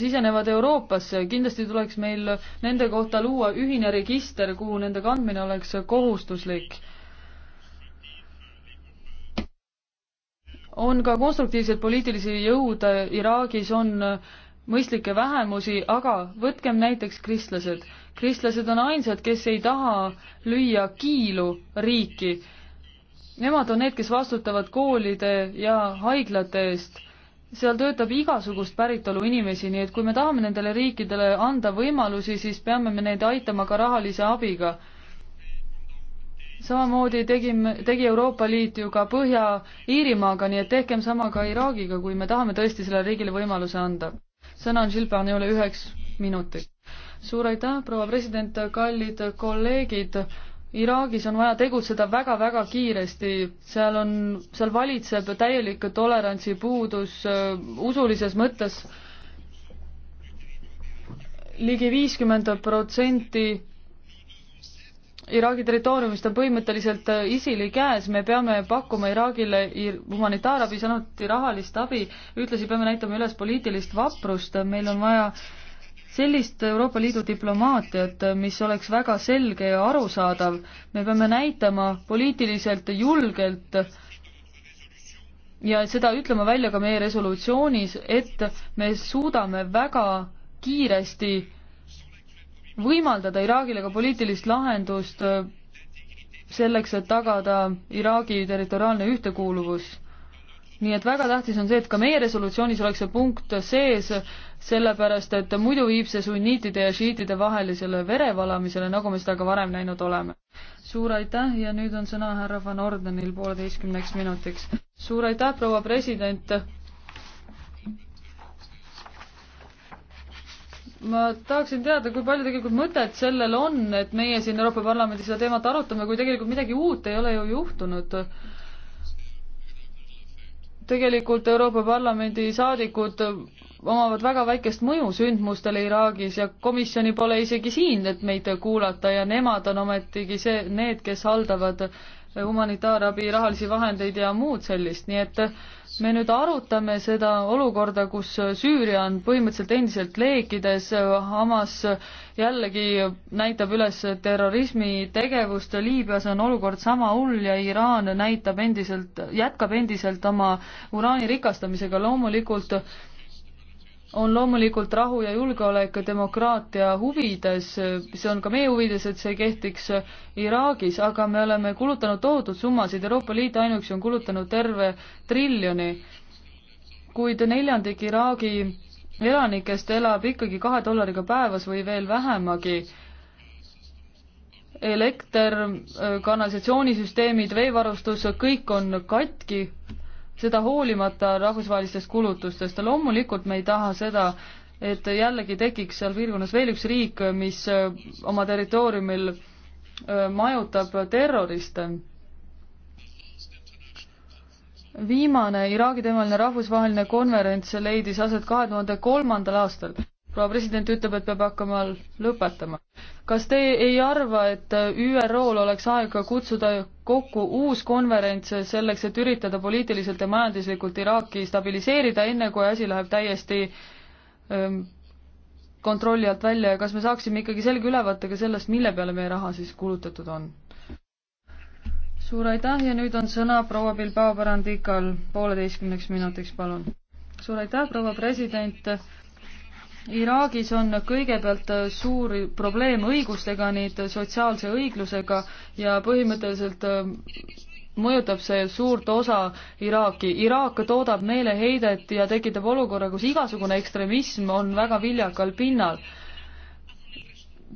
sisenevad Euroopasse, kindlasti tuleks meil nende kohta luua ühine register, kuhu nende kandmine oleks kohustuslik on ka konstruktiivseid poliitilisi jõude, äh, Iraagis on äh, mõistlikke vähemusi, aga võtkem näiteks kristlased. kristlased on ainsad, kes ei taha lüüa kiilu riiki. Nemad on need, kes vastutavad koolide ja haiglate eest. seal töötab igasugust päritolu inimesi, nii et kui me tahame nendele riikidele anda võimalusi, siis peame me neid aitama ka rahalise abiga samamoodi tegime, tegi Euroopa Liit ju ka Põhja-Iirimaaga, nii et tehkem sama ka Iraagiga, kui me tahame tõesti sellele riigile võimaluse anda. sõna on Žilbanile üheks minutiks. suur aitäh, proua president, kallid kolleegid. Iraagis on vaja tegutseda väga-väga kiiresti, seal on, seal valitseb täielik tolerantsi puudus äh, usulises mõttes ligi. ligi viiskümmend protsenti Iraagi territooriumist on põhimõtteliselt äh, ISILi käes, me peame pakkuma Iraagile humanitaarabi, samuti rahalist abi, ühtlasi peame näitama üles poliitilist vaprust, meil on vaja sellist Euroopa Liidu diplomaatiat, mis oleks väga selge ja arusaadav, me peame näitama poliitiliselt julgelt ja seda ütlema välja ka meie resolutsioonis, et me suudame väga kiiresti võimaldada Iraagile ka poliitilist lahendust äh, selleks, et tagada Iraagi territoriaalne ühtekuuluvus. nii et väga tähtis on see, et ka meie resolutsioonis oleks see punkt sees, sellepärast et muidu viib see sunniitide ja šiitide vahelisele verevalamisele, nagu me seda ka varem näinud oleme. suur aitäh ja nüüd on sõna härra Van Ordenil pooleteistkümneks minutiks. suur aitäh, proua president! ma tahaksin teada, kui palju tegelikult mõtet sellel on, et meie siin Euroopa Parlamendis seda teemat arutame, kui tegelikult midagi uut ei ole ju juhtunud. tegelikult Euroopa Parlamendi saadikud omavad väga väikest mõju sündmustele Iraagis ja komisjoni pole isegi siin, et meid kuulata ja nemad on ometigi see, need, kes haldavad humanitaarabi rahalisi vahendeid ja muud sellist, nii et me nüüd arutame seda olukorda, kus Süüria on põhimõtteliselt endiselt leekides, Hamas jällegi näitab üles terrorismitegevust, Liibüas on olukord sama hull ja Iraan näitab endiselt, jätkab endiselt oma uraani rikastamisega, loomulikult on loomulikult rahu ja julgeolek demokraatia huvides, see on ka meie huvides, et see kehtiks Iraagis, aga me oleme kulutanud tohutud summasid, Euroopa Liit ainuüksi on kulutanud terve triljoni, kuid neljandik Iraagi elanikest elab ikkagi kahe dollariga päevas või veel vähemagi elekter, kanalisatsioonisüsteemid, veevarustus, kõik on katki seda hoolimata rahvusvahelistest kulutustest. loomulikult me ei taha seda, et jällegi tekiks seal piirkonnas veel üks riik, mis äh, oma territooriumil äh, majutab terroriste. viimane Iraagi teemaline rahvusvaheline konverents leidis aset kahe tuhande kolmandal aastal proua president ütleb, et peab hakkama lõpetama. kas te ei arva, et ÜRO-l oleks aega kutsuda kokku uus konverents selleks, et üritada poliitiliselt ja majanduslikult Iraaki stabiliseerida, enne kui asi läheb täiesti ähm, kontrolli alt välja ja kas me saaksime ikkagi selge ülevaate ka sellest, mille peale meie raha siis kulutatud on? suur aitäh ja nüüd on sõna proua Bilbao Barandikal pooleteistkümneks minutiks, palun. suur aitäh, proua president Iraagis on kõigepealt suur probleem õigustega, nüüd sotsiaalse õiglusega ja põhimõtteliselt äh, mõjutab see suurt osa Iraaki. Iraak toodab meeleheidet ja tekitab olukorra, kus igasugune ekstremism on väga viljakal pinnal.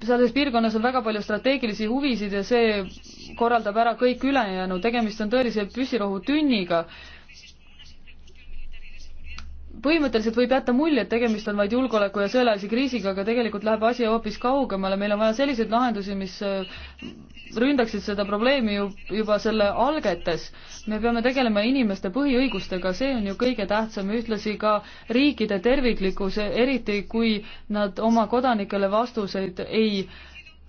selles piirkonnas on väga palju strateegilisi huvisid ja see korraldab ära kõik ülejäänu, tegemist on tõelise püssirohutünniga põhimõtteliselt võib jätta mulje, et tegemist on vaid julgeoleku ja sõjalise kriisiga, aga tegelikult läheb asi hoopis kaugemale, meil on vaja selliseid lahendusi, mis äh, ründaksid seda probleemi ju juba selle algetes. me peame tegelema inimeste põhiõigustega, see on ju kõige tähtsam, ühtlasi ka riikide terviklikkus, eriti kui nad oma kodanikele vastuseid ei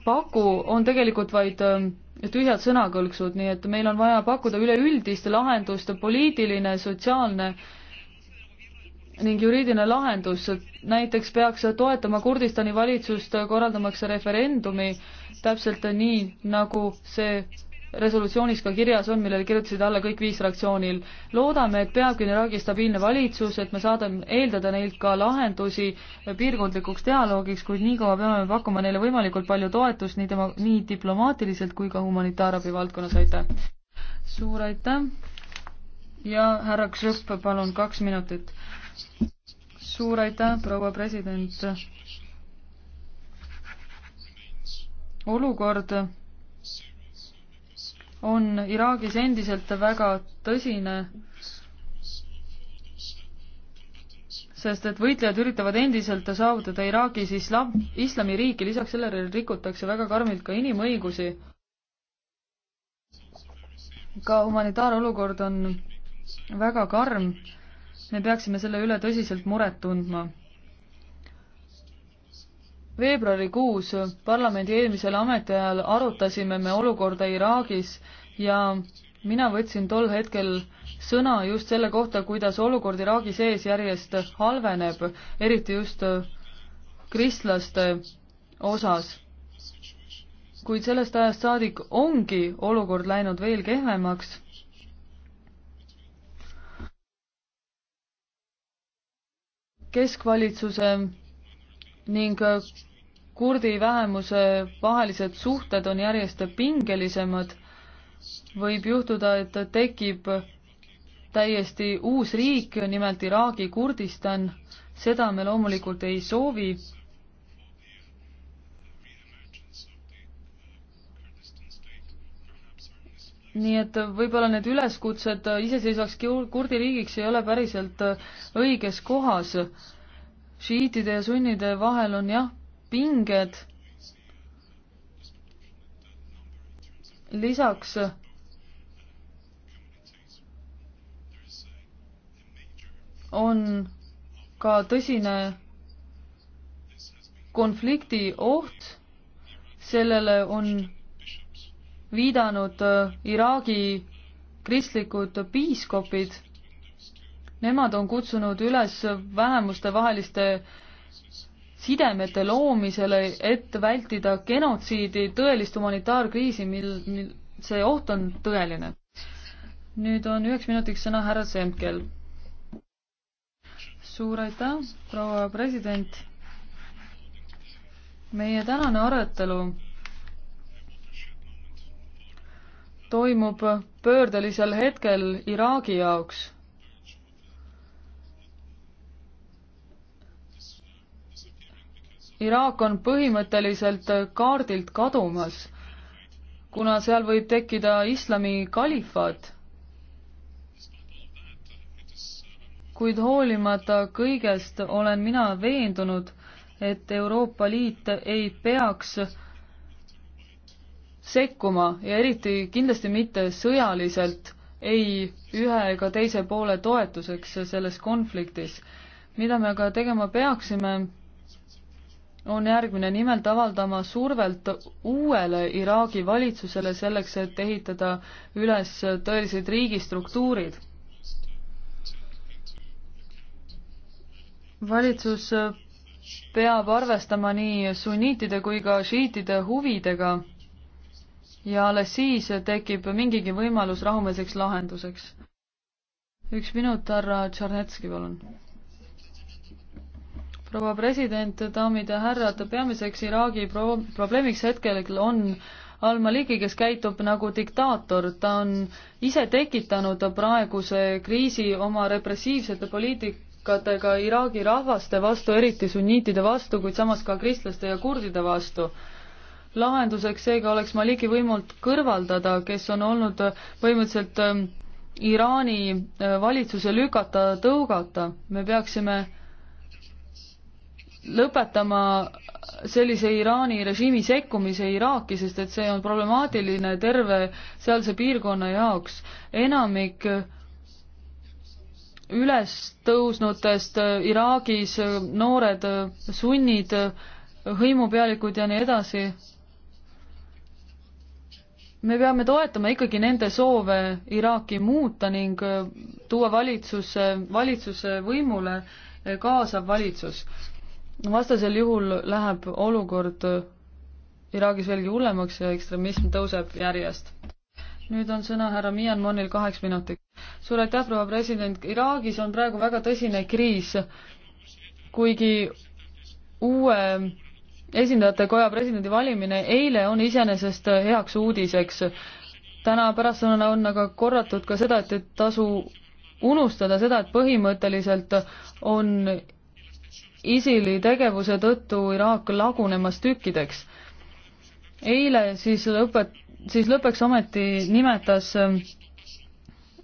paku, on tegelikult vaid äh, tühjad sõnakõlksud, nii et meil on vaja pakkuda üleüldist lahendust, poliitiline, sotsiaalne äh, ning juriidiline lahendus näiteks peaks toetama Kurdistani valitsust korraldamaks referendumi täpselt nii, nagu see resolutsioonis ka kirjas on, millele kirjutasid alla kõik viis fraktsioonil. loodame, et peabki Iraagi stabiilne valitsus, et me saadame eeldada neilt ka lahendusi piirkondlikuks dialoogiks, kuid niikaua peame pakkuma neile võimalikult palju toetust nii tema, nii diplomaatiliselt kui ka humanitaarabi valdkonnas, aitäh! suur aitäh! ja härra Kšõpp, palun kaks minutit suur aitäh, proua president. olukord on Iraagis endiselt väga tõsine, sest et võitlejad üritavad endiselt saavutada Iraagis islam, islamiriiki, lisaks sellele rikutakse väga karmilt ka inimõigusi. ka humanitaarolukord on väga karm me peaksime selle üle tõsiselt muret tundma. veebruarikuus parlamendi eelmisel ametiajal arutasime me olukorda Iraagis ja mina võtsin tol hetkel sõna just selle kohta, kuidas olukord Iraagi sees järjest halveneb, eriti just kristlaste osas. kuid sellest ajast saadik ongi olukord läinud veel kehvemaks keskvalitsuse ning äh, kurdi vähemuse vahelised suhted on järjest pingelisemad, võib juhtuda, et tekib täiesti uus riik, nimelt Iraagi Kurdistan, seda me loomulikult ei soovi nii et võib-olla need üleskutsed iseseisvaks kurdi riigiks ei ole päriselt õiges kohas. šiiitide ja sunnide vahel on jah, pinged. lisaks on ka tõsine konflikti oht, sellele on viidanud äh, Iraagi kristlikud piiskopid. Nemad on kutsunud üles vähemustevaheliste sidemete loomisele, et vältida genotsiidi, tõelist humanitaarkriisi, mil, mil see oht on tõeline. nüüd on üheks minutiks sõna härra Semkel. suur aitäh, proua president. meie tänane arutelu toimub pöördelisel hetkel Iraagi jaoks Iraak on põhimõtteliselt kaardilt kadumas, kuna seal võib tekkida islami kalifaat. kuid hoolimata kõigest olen mina veendunud, et Euroopa Liit ei peaks sekkuma ja eriti kindlasti mitte sõjaliselt ei ühe ega teise poole toetuseks selles konfliktis. mida me aga tegema peaksime, on järgmine, nimelt avaldama survelt uuele Iraagi valitsusele selleks, et ehitada üles tõelised riigistruktuurid. valitsus peab arvestama nii sunniitide kui ka šiitide huvidega ja alles siis tekib mingigi võimalus rahumeelseks lahenduseks. üks minut, härra Tšarnetski, palun. proua president, daamid ja härrad, peamiseks Iraagi pro-, probleemiks hetkel on Al-Maliki, kes käitub nagu diktaator, ta on ise tekitanud praeguse kriisi oma repressiivsete poliitikatega Iraagi rahvaste vastu, eriti sunniitide vastu, kuid samas ka kristlaste ja kurdide vastu lahenduseks, seega oleks Maliki võimult kõrvaldada, kes on olnud põhimõtteliselt ähm, Iraani äh, valitsuse lükata, tõugata. me peaksime lõpetama sellise Iraani režiimi sekkumise Iraaki, sest et see on problemaatiline terve sealse piirkonna jaoks. enamik ülestõusnutest äh, Iraagis äh, noored sunnid, hõimupealikud ja nii edasi, me peame toetama ikkagi nende soove Iraaki muuta ning äh, tuua valitsusse, valitsuse võimule äh, kaasav valitsus. vastasel juhul läheb olukord äh, Iraagis veelgi hullemaks ja ekstremism tõuseb järjest. nüüd on sõna härra Myanmaril kaheks minutiks. suur aitäh, proua president, Iraagis on praegu väga tõsine kriis, kuigi uue esindajate koja presidendi valimine eile on iseenesest heaks uudiseks. täna pärastlõunal on aga korratud ka seda, et, et tasu unustada seda, et põhimõtteliselt on ISILi tegevuse tõttu Iraak lagunemas tükkideks. eile siis lõpet-, siis lõpuks ometi nimetas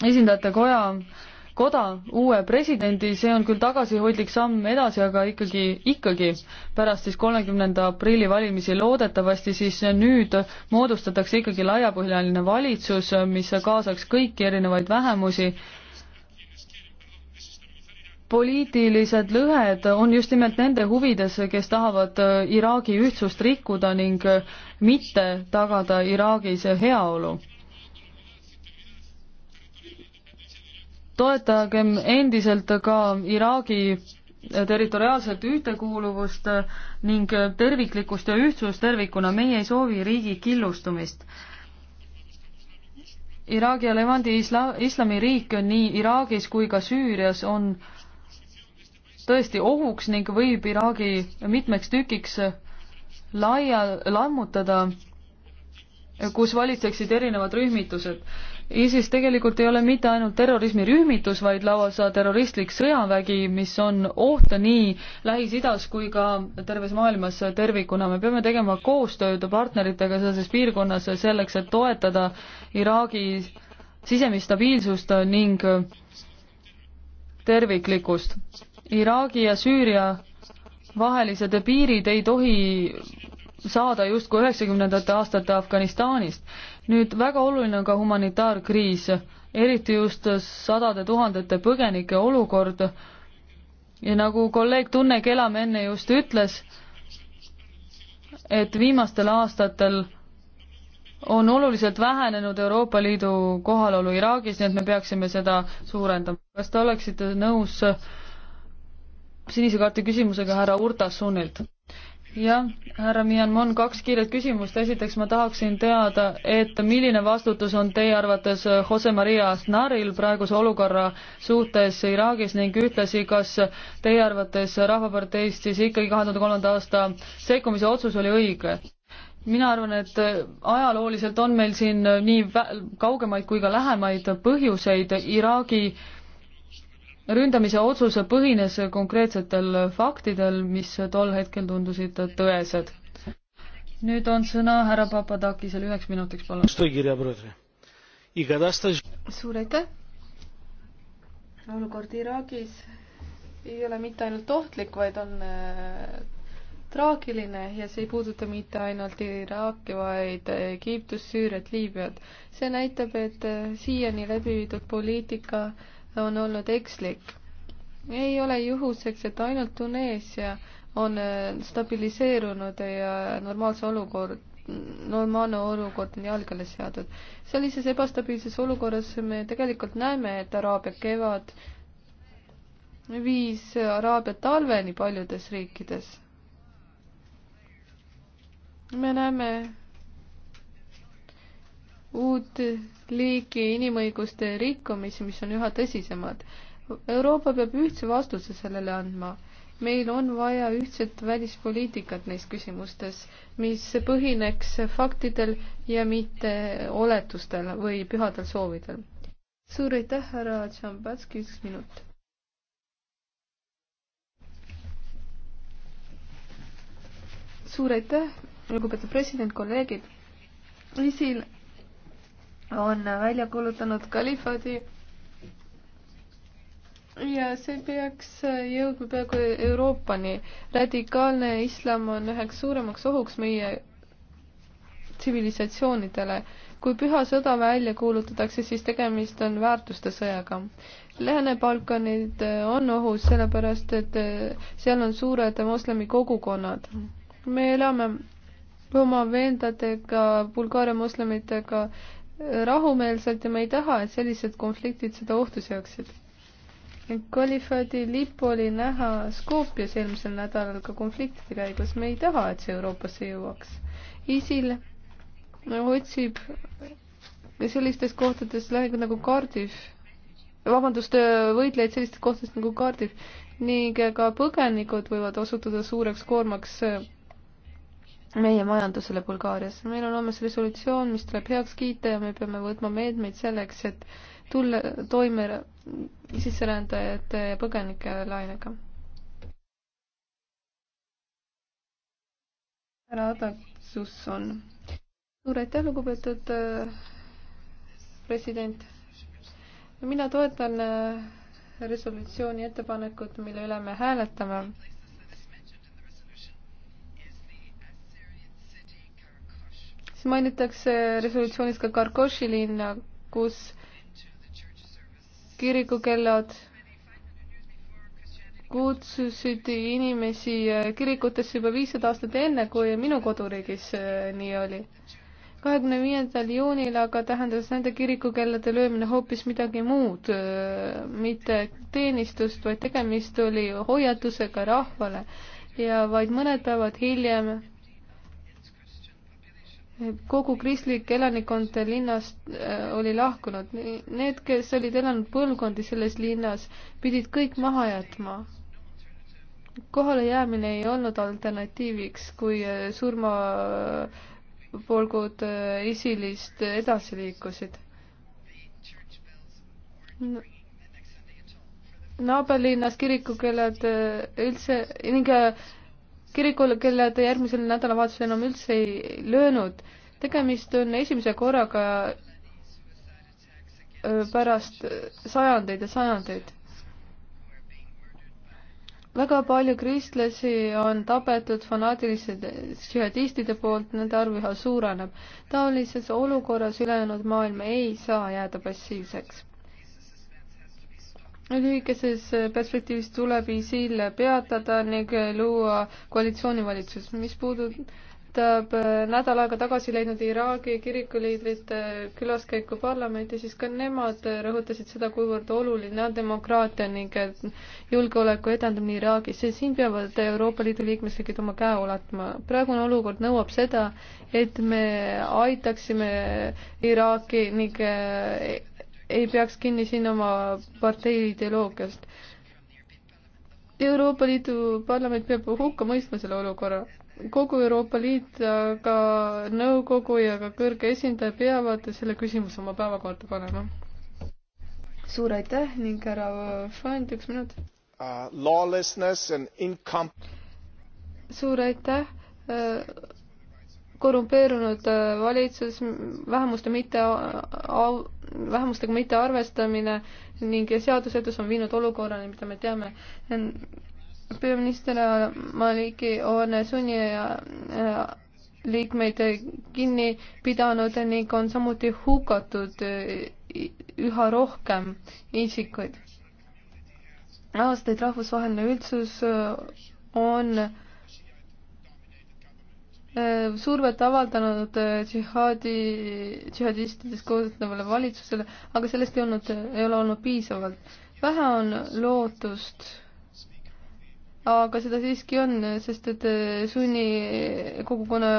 esindajate koja koda uue presidendi, see on küll tagasihoidlik samm edasi, aga ikkagi, ikkagi pärast siis kolmekümnenda aprilli valimisi loodetavasti siis nüüd moodustatakse ikkagi laiapõhjaline valitsus, mis kaasaks kõiki erinevaid vähemusi poliitilised lõhed on just nimelt nende huvides, kes tahavad Iraagi ühtsust rikkuda ning mitte tagada Iraagis heaolu. toetagem endiselt ka Iraagi territoriaalset ühtekuuluvust ning terviklikkust ja ühtsust tervikuna. meie ei soovi riigi killustumist. Iraagi ja Levandi isla-, islamiriik nii Iraagis kui ka Süürias on tõesti ohuks ning võib Iraagi mitmeks tükiks laia, lammutada, kus valitseksid erinevad rühmitused ISIS tegelikult ei ole mitte ainult terrorismirühmitus, vaid lausa terroristlik sõjavägi, mis on oht nii Lähis-Idas kui ka terves maailmas tervikuna. me peame tegema koostööd partneritega selles piirkonnas selleks, et toetada Iraagi sisemist stabiilsust ning terviklikkust. Iraagi ja Süüria vahelised piirid ei tohi saada justkui üheksakümnendate aastate Afganistanist nüüd väga oluline on ka humanitaarkriis, eriti just sadade tuhandete põgenike olukord. ja nagu kolleeg Tunne Kelam enne just ütles, et viimastel aastatel on oluliselt vähenenud Euroopa Liidu kohalolu Iraagis, nii et me peaksime seda suurendama. kas te oleksite nõus sinise kaarti küsimusega härra Urtasuunilt? jah, härra Mianmon, kaks kiiret küsimust, esiteks ma tahaksin teada, et milline vastutus on teie arvates Jose Maria Aznaril praeguse olukorra suhtes Iraagis ning ühtlasi, kas teie arvates Rahvaparteist siis ikkagi kahe tuhande kolmanda aasta sekkumise otsus oli õige? mina arvan, et ajalooliselt on meil siin nii kaugemaid kui ka lähemaid põhjuseid Iraagi äh, ründamise otsus põhines konkreetsetel faktidel, mis tol hetkel tundusid tõesed. nüüd on sõna härra Papadakisele üheks minutiks, palun. suur aitäh! olukord Iraagis ei ole mitte ainult ohtlik, vaid on äh, traagiline ja see ei puuduta mitte ainult Iraaki, vaid Egiptust, Süüriat, Liibüat. see näitab, et äh, siiani läbi viidud poliitika äh, on olnud ekslik. ei ole juhuseks, et ainult Tuneesia on äh, stabiliseerunud ja normaalse olukord, normaalne olukord on jalgele seatud. sellises ebastabiilses olukorras me tegelikult näeme, et Araabia kevad viis Araabia talveni paljudes riikides. me näeme uut liigi inimõiguste rikkumisi, mis on üha tõsisemad. Euroopa peab ühtse vastuse sellele andma. meil on vaja ühtset välispoliitikat neis küsimustes, mis põhineks faktidel ja mitte oletustel või pühadel soovidel. suur aitäh, härra Tšambatski, üks minut. suur aitäh, lugupeetud president, kolleegid. ISIL on välja kuulutanud kalifaadi ja see peaks jõudma peaaegu Euroopani. radikaalne islam on üheks suuremaks ohuks meie tsivilisatsioonidele. kui püha sõda välja kuulutatakse, siis tegemist on väärtuste sõjaga. Lääne-Balkanid on ohus, sellepärast et seal on suured moslemi kogukonnad. me elame oma vendadega, Bulgaaria moslemitega rahumeelselt ja me ei taha, et sellised konfliktid seda ohtu seaksid. Kalifaadi lipp oli näha Skopjas eelmisel nädalal ka konfliktide käigus, me ei taha, et see Euroopasse jõuaks. ISIL otsib sellistes kohtades lahingud nagu Cardiff, vabandust, võitlejaid sellistest kohtadest nagu Cardiff ning ka põgenikud võivad osutuda suureks koormaks meie majandusele Bulgaarias. meil on olemas resolutsioon, mis tuleb heaks kiita ja me peame võtma meetmeid selleks, et tulla toime sisserändajate ja põgenike lainega. härra Adaksus on. suur aitäh, lugupeetud äh, president. mina toetan äh, resolutsiooni ettepanekut, mille üle me hääletame siis mainitakse resolutsioonis ka Karkoši linna, kus kirikukellad kutsusid inimesi kirikutesse juba viissada aastat enne, kui minu koduriigis äh, nii oli. kahekümne viiendal juunil aga tähendas nende kirikukellade löömine hoopis midagi muud, äh, mitte teenistust, vaid tegemist oli hoiatusega rahvale ja vaid mõned päevad hiljem kogu kristlik elanikkond linnast äh, oli lahkunud. Need, kes olid elanud põlvkondi selles linnas, pidid kõik maha jätma. kohale jäämine ei olnud alternatiiviks, kui äh, surmapolgud äh, ISIList edasi liikusid no naaberlinnas kirikukellad üldse ning kirikul, kelle ta järgmisel nädalavahetusel enam üldse ei löönud. tegemist on esimese korraga äh, pärast sajandeid ja sajandeid. väga palju kristlasi on tapetud fanaatilised džihadistide poolt, nende arv üha suureneb. taolises olukorras ülejäänud maailm ei saa jääda passiivseks lühikeses perspektiivis tuleb ISIL peatada ning luua koalitsioonivalitsus, mis puudutab äh, nädal aega tagasi leidnud Iraagi kirikuliidrite äh, külaskäiku parlamenti, siis ka nemad rõhutasid seda, kuivõrd oluline on demokraatia ning äh, julgeoleku edendamine Iraagis. siin peavad Euroopa Liidu liikmesriigid oma käe ulatama. praegune olukord nõuab seda, et me aitaksime Iraaki ning ei peaks kinni siin oma partei ideoloogiast. Euroopa Liidu parlament peab hukka mõistma selle olukorra. kogu Euroopa Liit, aga nõukogu ja ka kõrge esindaja peavad selle küsimuse oma päevakorda panema. suur aitäh ning härra äh, Fond, üks minut uh,. Lawlessness and income. suur aitäh uh, korrumpeerunud äh, valitsus, vähemuste mitte au, vähemustega mittearvestamine ning seadusetus on viinud olukorrani, mida me teame. peaminister Maliki on sunni ja liikmeid kinni pidanud ning on samuti hukatud üha rohkem isikuid. aastaid rahvusvaheline üldsus on Äh, survet avaldanud äh, džihaadi, džihadistidest koosnevale valitsusele, aga sellest ei olnud, ei ole olnud piisavalt. vähe on lootust, aga seda siiski on, sest et äh, sunni kogukonna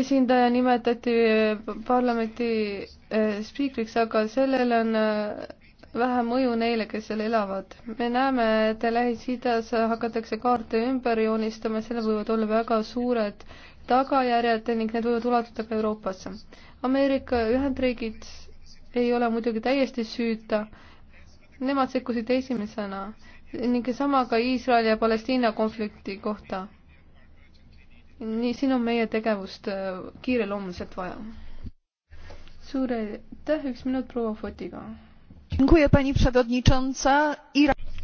esindaja nimetati parlamenti spiikriks, aga sellel on vähe mõju neile, kes seal elavad. me näeme, et Lähis-Idas hakatakse kaarte ümber joonistama, sellel võivad olla väga suured tagajärjed ning need võivad ulatuda ka Euroopasse. Ameerika Ühendriigid ei ole muidugi täiesti süüta, nemad sekkusid esimesena ning sama ka Iisraeli ja Palestiina konflikti kohta. nii, siin on meie tegevust äh, kiireloomuliselt vaja. suur aitäh, üks minut proua Fotiga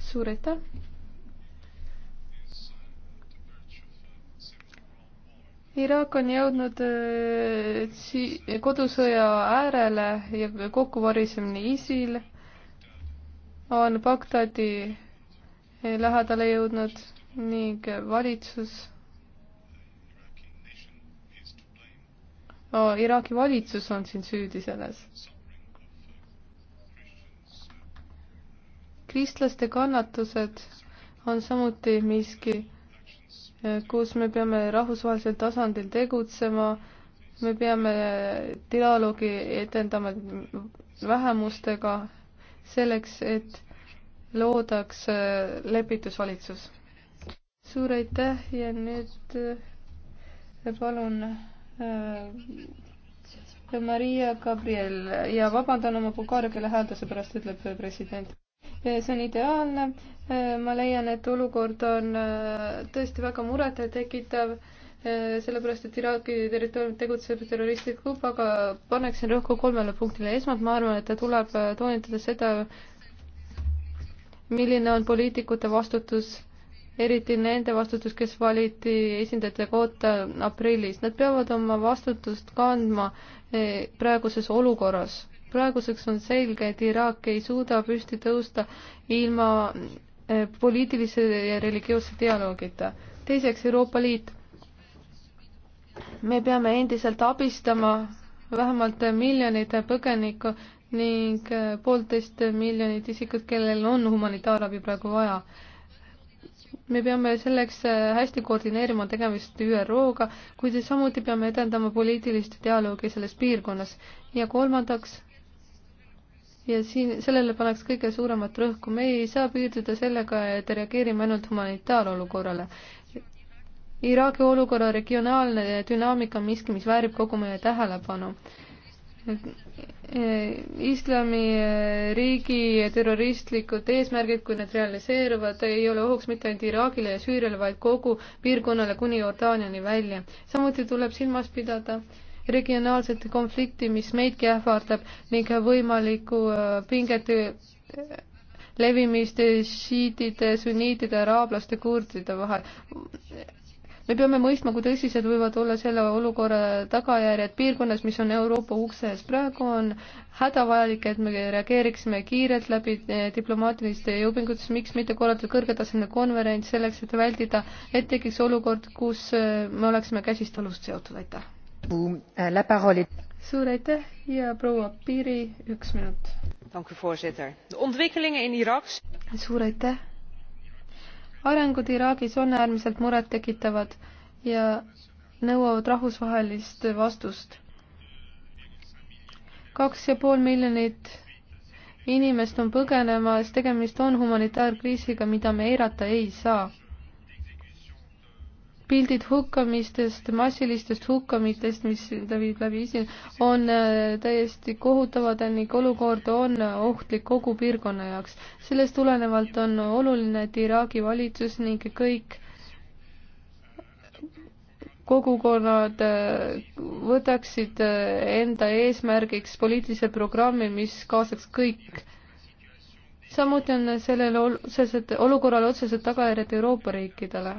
suur aitäh. Iraak on jõudnud äh, kodusõja äärele ja kokkuvarisemine ISIL on Bagdadi äh, lähedale jõudnud ning valitsus no,, Iraagi valitsus on siin süüdi selles kristlaste kannatused on samuti miski, kus me peame rahvusvahelisel tasandil tegutsema, me peame dialoogi edendama vähemustega selleks, et loodaks lepitusvalitsus. suur aitäh ja nüüd äh, palun äh, Maria Gabriel ja vabandan oma bulgaaria keele häälduse pärast, ütleb president. Eh, see on ideaalne. Eh, ma leian, et olukord on eh, tõesti väga murettekitav, sellepärast et Iraagi territooriumil tegutseb terroristlik grupp, aga paneksin rõhku kolmele punktile. esmalt ma arvan, et tuleb toonitada seda, milline on poliitikute vastutus eriti nende vastutus, kes valiti esindajate koota aprillis, nad peavad oma vastutust kandma praeguses olukorras praeguseks on selge, et Iraak ei suuda püsti tõusta ilma eh, poliitilise ja religioosse dialoogita. teiseks, Euroopa Liit. me peame endiselt abistama vähemalt miljonit põgenikku ning eh, poolteist miljonit isikut, kellel on humanitaarabi praegu vaja. me peame selleks eh, hästi koordineerima tegemist ÜRO-ga, kuid samuti peame edendama poliitilist dialoogi selles piirkonnas. ja kolmandaks, ja siin, sellele paneks kõige suuremat rõhku, me ei saa piirduda sellega, et reageerime ainult humanitaarolukorrale. Iraagi olukorra regionaalne dünaamika on miski, mis väärib kogu meie tähelepanu. Islamiriigi terroristlikud eesmärgid, kui need realiseeruvad, ei ole ohuks mitte ainult Iraagile ja Süüriale, vaid kogu piirkonnale kuni Jordaaniani välja. samuti tuleb silmas pidada äh, regionaalset konflikti, mis meidki ähvardab ning võimalikku äh, pingete äh, levimist šiitide, sunniitide, araablaste, kurdide vahel. me peame mõistma, kui tõsised võivad olla selle olukorra tagajärjed piirkonnas, mis on Euroopa ukse ees. praegu on hädavajalik, et me reageeriksime kiirelt läbi eh, diplomaatiliste jõupingutuste, miks mitte korraldada kõrgetasemel konverents selleks, et vältida, et tekiks olukord, kus eh, me oleksime käsist alust seotud, aitäh suur aitäh ja proua Piiri, üks minut. suur aitäh. arengud Iraagis on äärmiselt murettekitavad ja nõuavad rahvusvahelist vastust. kaks ja pool miljonit inimest on põgenemas, tegemist on humanitaarkriisiga, mida me eirata ei saa pildid hukkamistest, massilistest hukkamistest, mis ta viib läbi isi, on äh, täiesti kohutavad ning olukord on ohtlik kogu piirkonna jaoks. sellest tulenevalt on oluline, et Iraagi valitsus ning kõik kogukonnad äh, võtaksid äh, enda eesmärgiks poliitilise programmi, mis kaasaks kõik samuti on sellel otsesed, olukorral otsesed tagajärjed Euroopa riikidele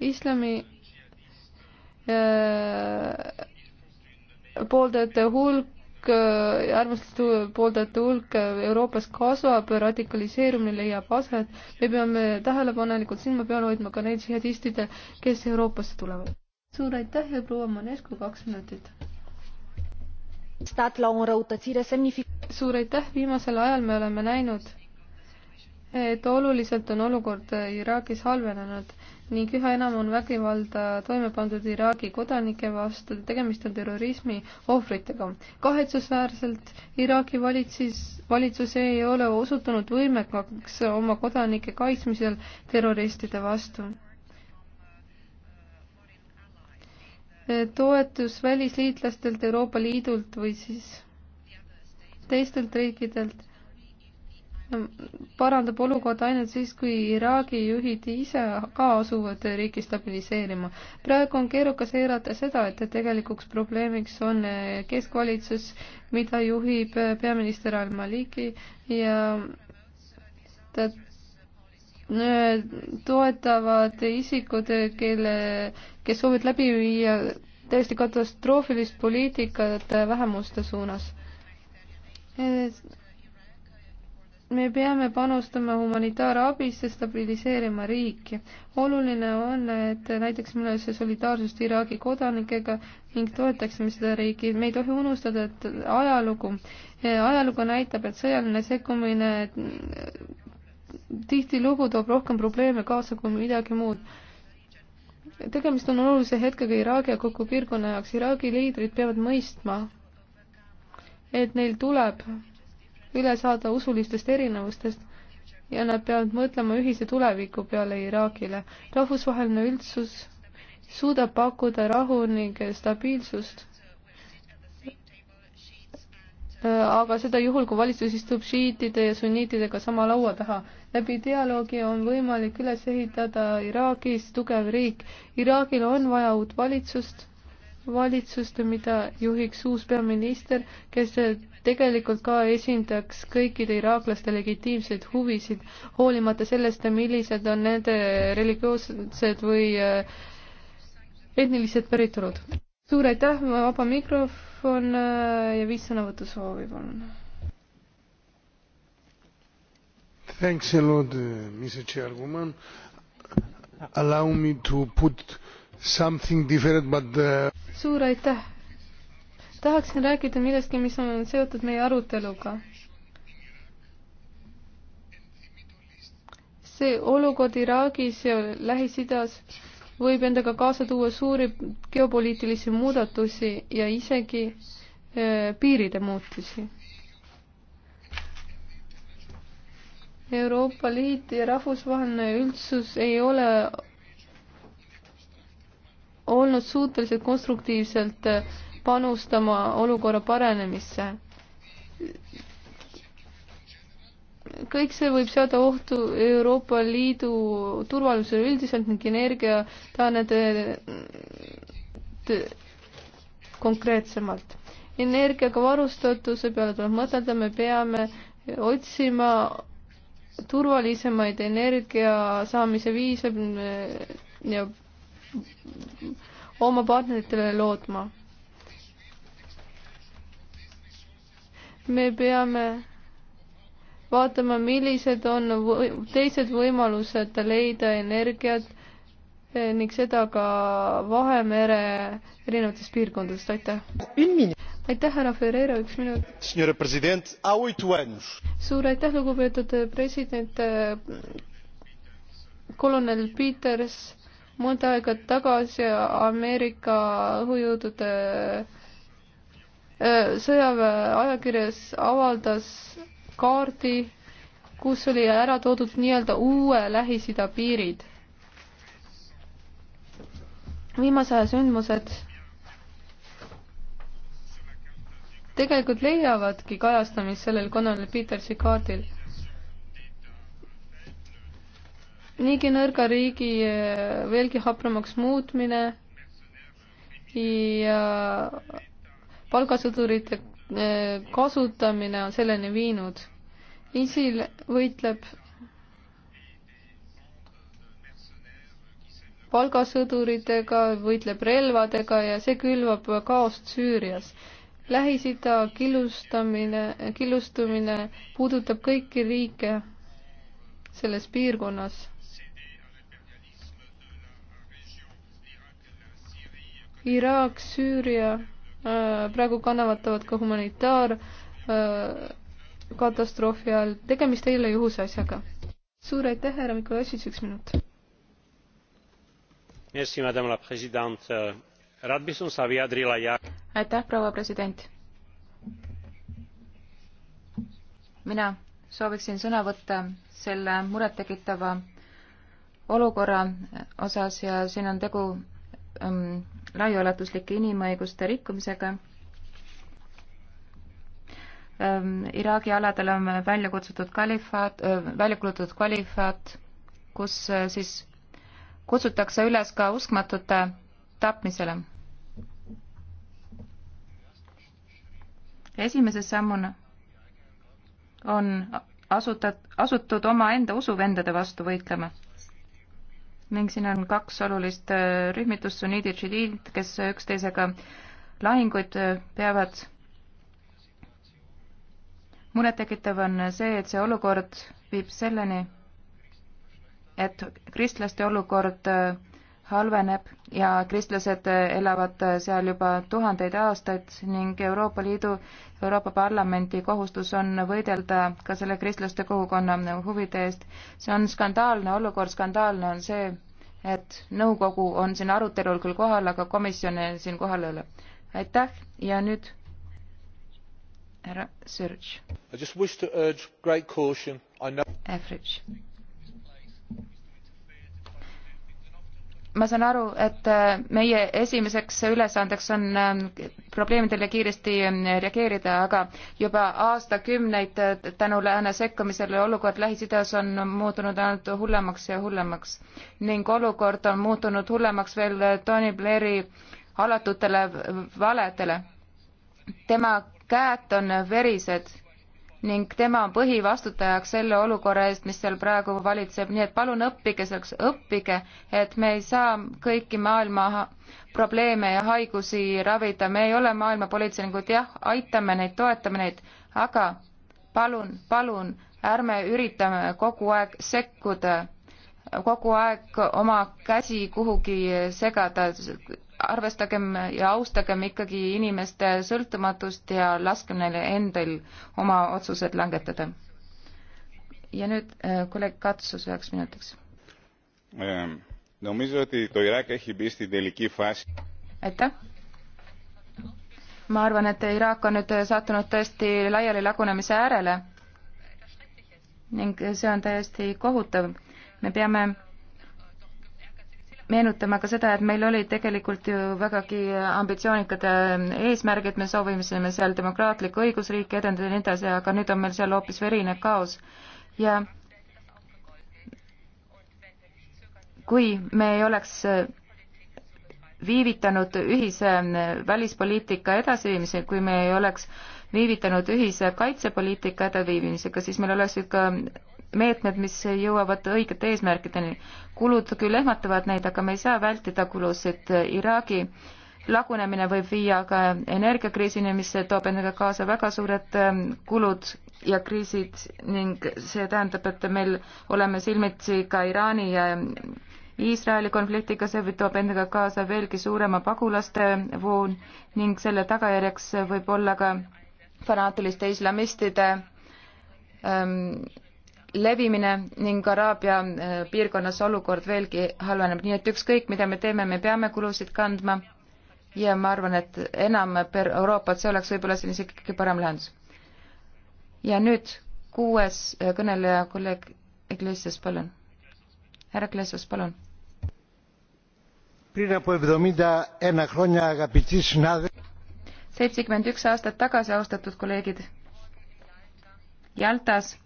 islami äh, pooldajate hulk, äärmuslaste äh, pooldajate hulk äh, Euroopas kasvab, radikaliseerumine leiab aset. me peame tähelepanelikult silma peal hoidma ka neid džihadistide, kes Euroopasse tulevad. suur aitäh ja proua Manescu, kaks minutit. suur aitäh, viimasel ajal me oleme näinud, et oluliselt on olukord Iraagis halvenenud ning üha enam on vägivalda toime pandud Iraagi kodanike vastu, tegemist on terrorismi ohvritega. kahetsusväärselt Iraagi valitsus, valitsus ei ole osutunud võimekaks oma kodanike kaitsmisel terroristide vastu. toetus välisliitlastelt Euroopa Liidult või siis teistelt riikidelt parandab olukorda ainult siis, kui Iraagi juhid ise ka asuvad riiki stabiliseerima. praegu on keerukas eirata seda, et tegelikuks probleemiks on eh, keskvalitsus, mida juhib eh, peaminister al-Maliki ja ta eh, toetavad isikud, kelle, kes soovivad läbi viia täiesti katastroofilist poliitikat vähemuste suunas me peame panustama humanitaarabisse, stabiliseerima riiki. oluline on, et näitaksime üles solidaarsust Iraagi kodanikega ning toetaksime seda riiki. me ei tohi unustada, et ajalugu, ajalugu näitab, et sõjaline sekkumine tihtilugu toob rohkem probleeme kaasa kui midagi muud tegemist on olulise hetkega Iraagi ja kogu piirkonna jaoks. Iraagi liidrid peavad mõistma, et neil tuleb üle saada usulistest erinevustest ja nad peavad mõtlema ühise tuleviku peale Iraagile. rahvusvaheline üldsus suudab pakkuda rahu ning stabiilsust, äh, aga seda juhul, kui valitsus istub šiitide ja sunniitidega sama laua taha. läbi dialoogi on võimalik üles ehitada Iraagis tugev riik. Iraagil on vaja uut valitsust valitsust, mida juhiks uus peaminister, kes tegelikult ka esindaks kõikide iraaklaste legitiimseid huvisid, hoolimata sellest, millised on nende religioossed või äh, etnilised päritolud. suur aitäh, vaba mikrofon äh, ja viis sõnavõtusoovi, palun. Thanks a lot, äh, Mr Chairwoman. Allow me to put something different but uh... suur aitäh! tahaksin rääkida millestki, mis on seotud meie aruteluga. see olukord Iraagis ja Lähis-Idas võib endaga kaasa tuua suuri geopoliitilisi muudatusi ja isegi öö, eh, piiride muutusi. Euroopa Liit ja rahvusvaheline üldsus ei ole olnud suutelised konstruktiivselt äh, panustama olukorra paranemisse. kõik see võib seada ohtu Euroopa Liidu turvalisusele üldiselt ning energiataanede äh, konkreetsemalt. energiaga varustatuse peale tuleb mõtelda, me peame otsima turvalisemaid energia saamise viise äh, ja oma partneritele lootma. me peame vaatama, millised on või, teised võimalused leida energiat eh, ning seda ka Vahemere erinevatest piirkondadest, aitäh. aitäh, härra Ferreira, üks minut. suur aitäh, lugupeetud president, eh, kolonel Peters mõnda aega tagasi Ameerika õhujõudude äh, sõjaväe ajakirjas avaldas kaardi, kus oli ära toodud nii-öelda uue Lähis-Ida piirid. viimase aja sündmused tegelikult leiavadki kajastamist sellel Connolly Petersi kaardil niigi nõrga riigi eh, veelgi hapramaks muutmine ja palgasõdurite eh, kasutamine on selleni viinud. ISIL võitleb palgasõduritega, võitleb relvadega ja see külvab kaost Süürias. Lähis-Ida killustamine, killustumine puudutab kõiki riike selles piirkonnas Iraak, Süüria äh, praegu kannatavad ka humanitaarkatastroofi äh, all. tegemist ei ole juhuse asjaga. suur aitäh, härra Mikolašitš, üks minut. Äh, aitäh, proua president. mina sooviksin sõna võtta selle murettekitava olukorra osas ja siin on tegu um, laiaulatuslike inimõiguste rikkumisega. Ehm, Iraagi aladel on välja kutsutud kalifaat, välja kuulutatud kalifaat, kus siis kutsutakse üles ka uskmatute tapmisele. esimese sammuna on asutat-, asutud omaenda usuvendade vastu võitlema ning siin on kaks olulist äh, rühmitust, sunniidid, šidiid, kes üksteisega lahinguid äh, peavad. murettekitav on see, et see olukord viib selleni, et kristlaste olukord äh, halveneb ja kristlased elavad seal juba tuhandeid aastaid ning Euroopa Liidu, Euroopa Parlamendi kohustus on võidelda ka selle kristlaste kogukonna huvide eest. see on skandaalne olukord, skandaalne on see, et nõukogu on siin arutelul küll kohal, aga komisjon siin kohal ei ole. aitäh ja nüüd härra Sürtš. Efridž ma saan aru, et äh, meie esimeseks ülesandeks on ähm, probleemidele kiiresti ähm, reageerida, aga juba aastakümneid äh, tänu lääne sekkumisele olukord Lähis-Idas on muutunud ainult hullemaks ja hullemaks ning olukord on muutunud hullemaks veel äh, Tony Blairi alatutele valedele. tema käed on verised ning tema on põhivastutajaks selle olukorra eest, mis seal praegu valitseb, nii et palun õppige selleks, õppige, et me ei saa kõiki maailma probleeme ja haigusi ravida, me ei ole maailma politseinikud, jah, aitame neid, toetame neid, aga palun, palun, ärme üritame kogu aeg sekkuda, kogu aeg oma käsi kuhugi segada, arvestagem ja austagem ikkagi inimeste sõltumatust ja laskem neil endil oma otsused langetada. ja nüüd äh, kolleeg Katsus üheks minutiks. Ähm, aitäh. ma arvan, et Iraak on nüüd sattunud tõesti laiali lagunemise äärele ning see on täiesti kohutav. me peame meenutama ka seda, et meil olid tegelikult ju vägagi ambitsioonikad äh, eesmärgid, me soovisime seal demokraatlikku õigusriiki edendada ja nii edasi, aga nüüd on meil seal hoopis verine kaos ja kui me ei oleks äh, viivitanud ühise äh, välispoliitika edasiviimise, kui me ei oleks viivitanud ühise kaitsepoliitika edasiviimisega, siis meil oleksid ka meetmed, mis jõuavad õigete eesmärkideni. kulud küll ehmatavad neid, aga me ei saa vältida kulusid. Iraagi lagunemine võib viia ka energiakriisini, mis toob endaga kaasa väga suured ähm, kulud ja kriisid ning see tähendab, et meil oleme silmitsi ka Iraani ja Iisraeli konfliktiga, see toob endaga kaasa veelgi suurema pagulaste voon ning selle tagajärjeks võib olla ka fanaatiliste islamistide ähm, levimine ning Araabia äh, piirkonnas olukord veelgi halveneb, nii et ükskõik, mida me teeme, me peame kulusid kandma ja ma arvan, et enam per Euroopa, et see oleks võib-olla siin isegi kõige parem lahendus. ja nüüd kuues äh, kõneleja, kolleeg Iglesias, palun. härra Iglesias, palun. seitsekümmend üks aastat tagasi, austatud kolleegid, Jaltas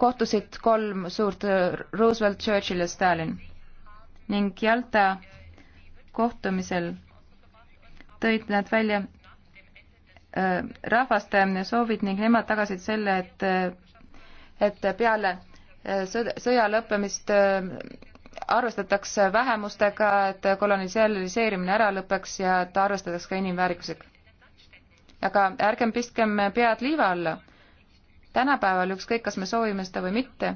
kohtusid kolm suurt Roosevelt, Churchill ja Stalin ning Jalta kohtumisel tõid nad välja äh, rahvaste soovid ning nemad tagasid selle, et, et peale äh, sõja lõppemist äh, arvestatakse vähemustega, et koloniseerimine ära lõpeks ja et arvestatakse ka inimväärikusega. aga ärgem pistkem pead liiva alla tänapäeval, ükskõik kas me soovime seda või mitte,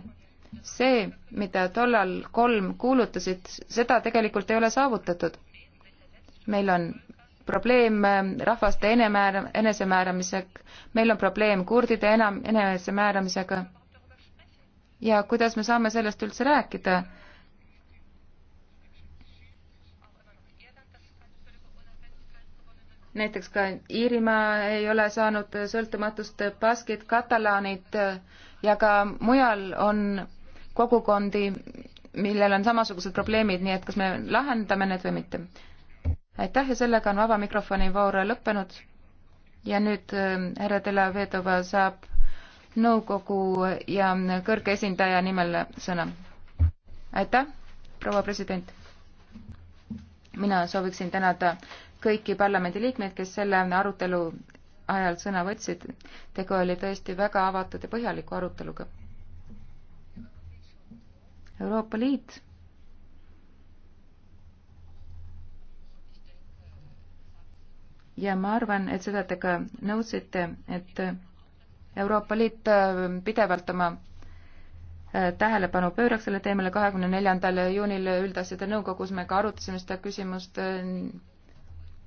see, mida tollal kolm kuulutasid, seda tegelikult ei ole saavutatud. meil on probleem äh, rahvaste enemäär-, enesemääramisega, meil on probleem kurdide enam, enesemääramisega. ja kuidas me saame sellest üldse rääkida, näiteks ka Iirimaa ei ole saanud sõltumatust, baskid, katalaanid äh, ja ka mujal on kogukondi, millel on samasugused probleemid, nii et kas me lahendame need või mitte. aitäh ja sellega on vaba mikrofoni voor lõppenud. ja nüüd äh, härra Delavedova saab nõukogu ja kõrge esindaja nimel sõna. aitäh, proua president. mina sooviksin tänada kõiki parlamendiliikmeid, kes selle arutelu ajal sõna võtsid. tegu oli tõesti väga avatud ja põhjaliku aruteluga. Euroopa Liit ja ma arvan, et seda te ka nõudsite, et Euroopa Liit äh, pidevalt oma äh, tähelepanu pööraks selle teemale, kahekümne neljandal juunil üldasjade nõukogus me ka arutasime seda küsimust äh,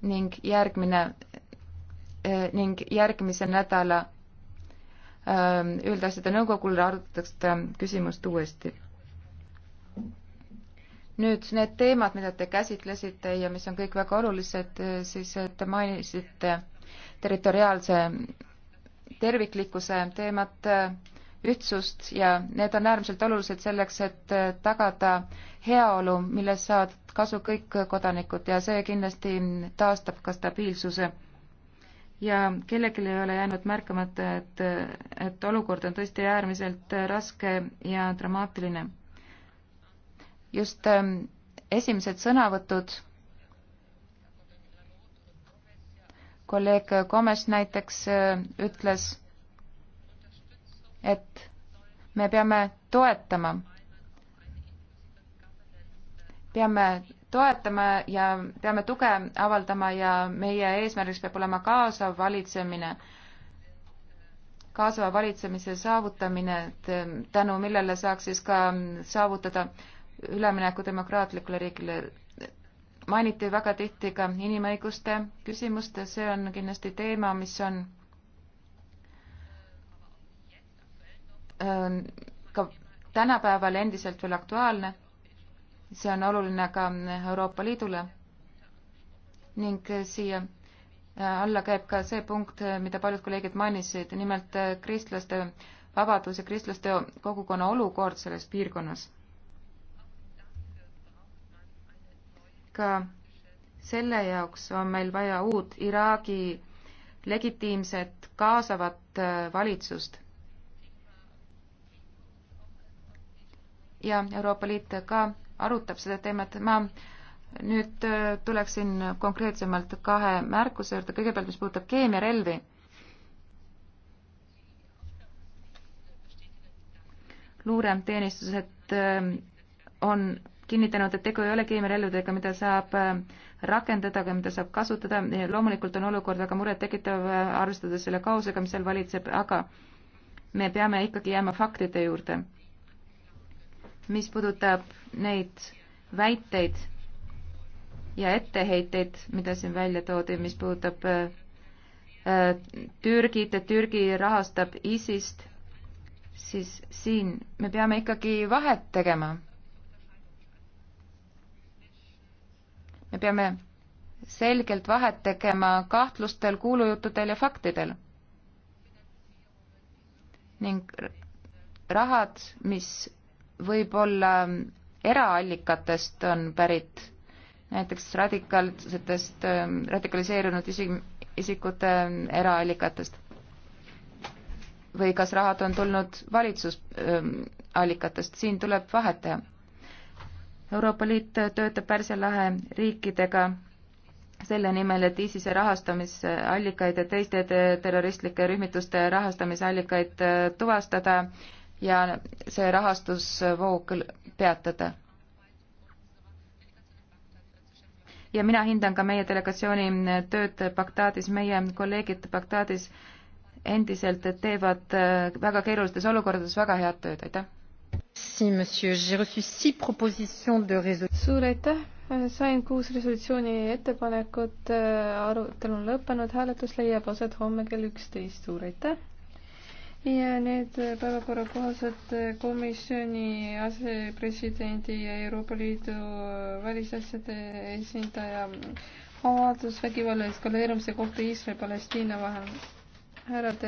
ning järgmine eh, ning järgmise nädala ähm, üldasjade nõukogul arutatakse seda küsimust uuesti. nüüd need teemad, mida te käsitlesite ja mis on kõik väga olulised, eh, siis eh, te mainisite territoriaalse terviklikkuse teemat ühtsust ja need on äärmiselt olulised selleks, et äh, tagada heaolu, millest saavad kasu kõik kodanikud ja see kindlasti taastab ka stabiilsuse. ja kellelgi ei ole jäänud märkamata, et, et olukord on tõesti äärmiselt äh, raske ja dramaatiline. just ähm, esimesed sõnavõtud kolleeg Gomes näiteks äh, ütles et me peame toetama, peame toetama ja peame tuge avaldama ja meie eesmärgiks peab olema kaasav valitsemine, kaasava valitsemise saavutamine, et eh, tänu millele saaks siis ka saavutada ülemineku demokraatlikule riigile. mainiti väga tihti ka inimõiguste küsimust ja see on kindlasti teema, mis on ka tänapäeval endiselt veel aktuaalne. see on oluline ka Euroopa Liidule. ning siia äh, alla käib ka see punkt, äh, mida paljud kolleegid mainisid, nimelt äh, kristlaste vabadus ja kristlaste kogukonna olukord selles piirkonnas. ka selle jaoks on meil vaja uut Iraagi legitiimset kaasavat valitsust ja Euroopa Liit ka arutab seda teemat. ma nüüd äh, tuleksin konkreetsemalt kahe märkuse juurde, kõigepealt mis puudutab keemiarelvi. luureteenistused äh, on kinnitanud, et tegu ei ole keemiarelvadega, mida saab äh, rakendada, aga mida saab kasutada. loomulikult on olukord väga murettekitav, arvestades selle kaosega, mis seal valitseb, aga me peame ikkagi jääma faktide juurde mis puudutab neid väiteid ja etteheiteid, mida siin välja toodi, mis puudutab äh, äh, Türgit, et Türgi rahastab ISIS-t, siis siin me peame ikkagi vahet tegema. me peame selgelt vahet tegema kahtlustel, kuulujuttudel ja faktidel. ning rahad, mis võib-olla eraallikatest on pärit, näiteks radikaalsetest, radikaliseerunud isik, isikute eraallikatest. või kas rahad on tulnud valitsusallikatest, ähm, siin tuleb vahet teha. Euroopa Liit töötab Pärsia lahe riikidega selle nimel, et ISISe rahastamisallikaid ja teiste terroristlike rühmituste rahastamisallikaid äh, tuvastada ja see rahastusvoog peatada. ja mina hindan ka meie delegatsiooni tööd Bagdadis, meie kolleegid Bagdadis endiselt teevad äh, väga keerulistes olukordades väga head tööd, aitäh! suur aitäh, äh, sain kuus resolutsiooni ettepanekut, äh, arutelu on lõppenud, hääletus leiab aset homme kell üksteist, suur aitäh! ja need päevakorra kohaselt komisjoni asepresidendi ja Euroopa Liidu välisasjade esindaja avaldus vägivalla eskaleerumise kohta Iisraeli-Palestiina vahel. härra Ter-.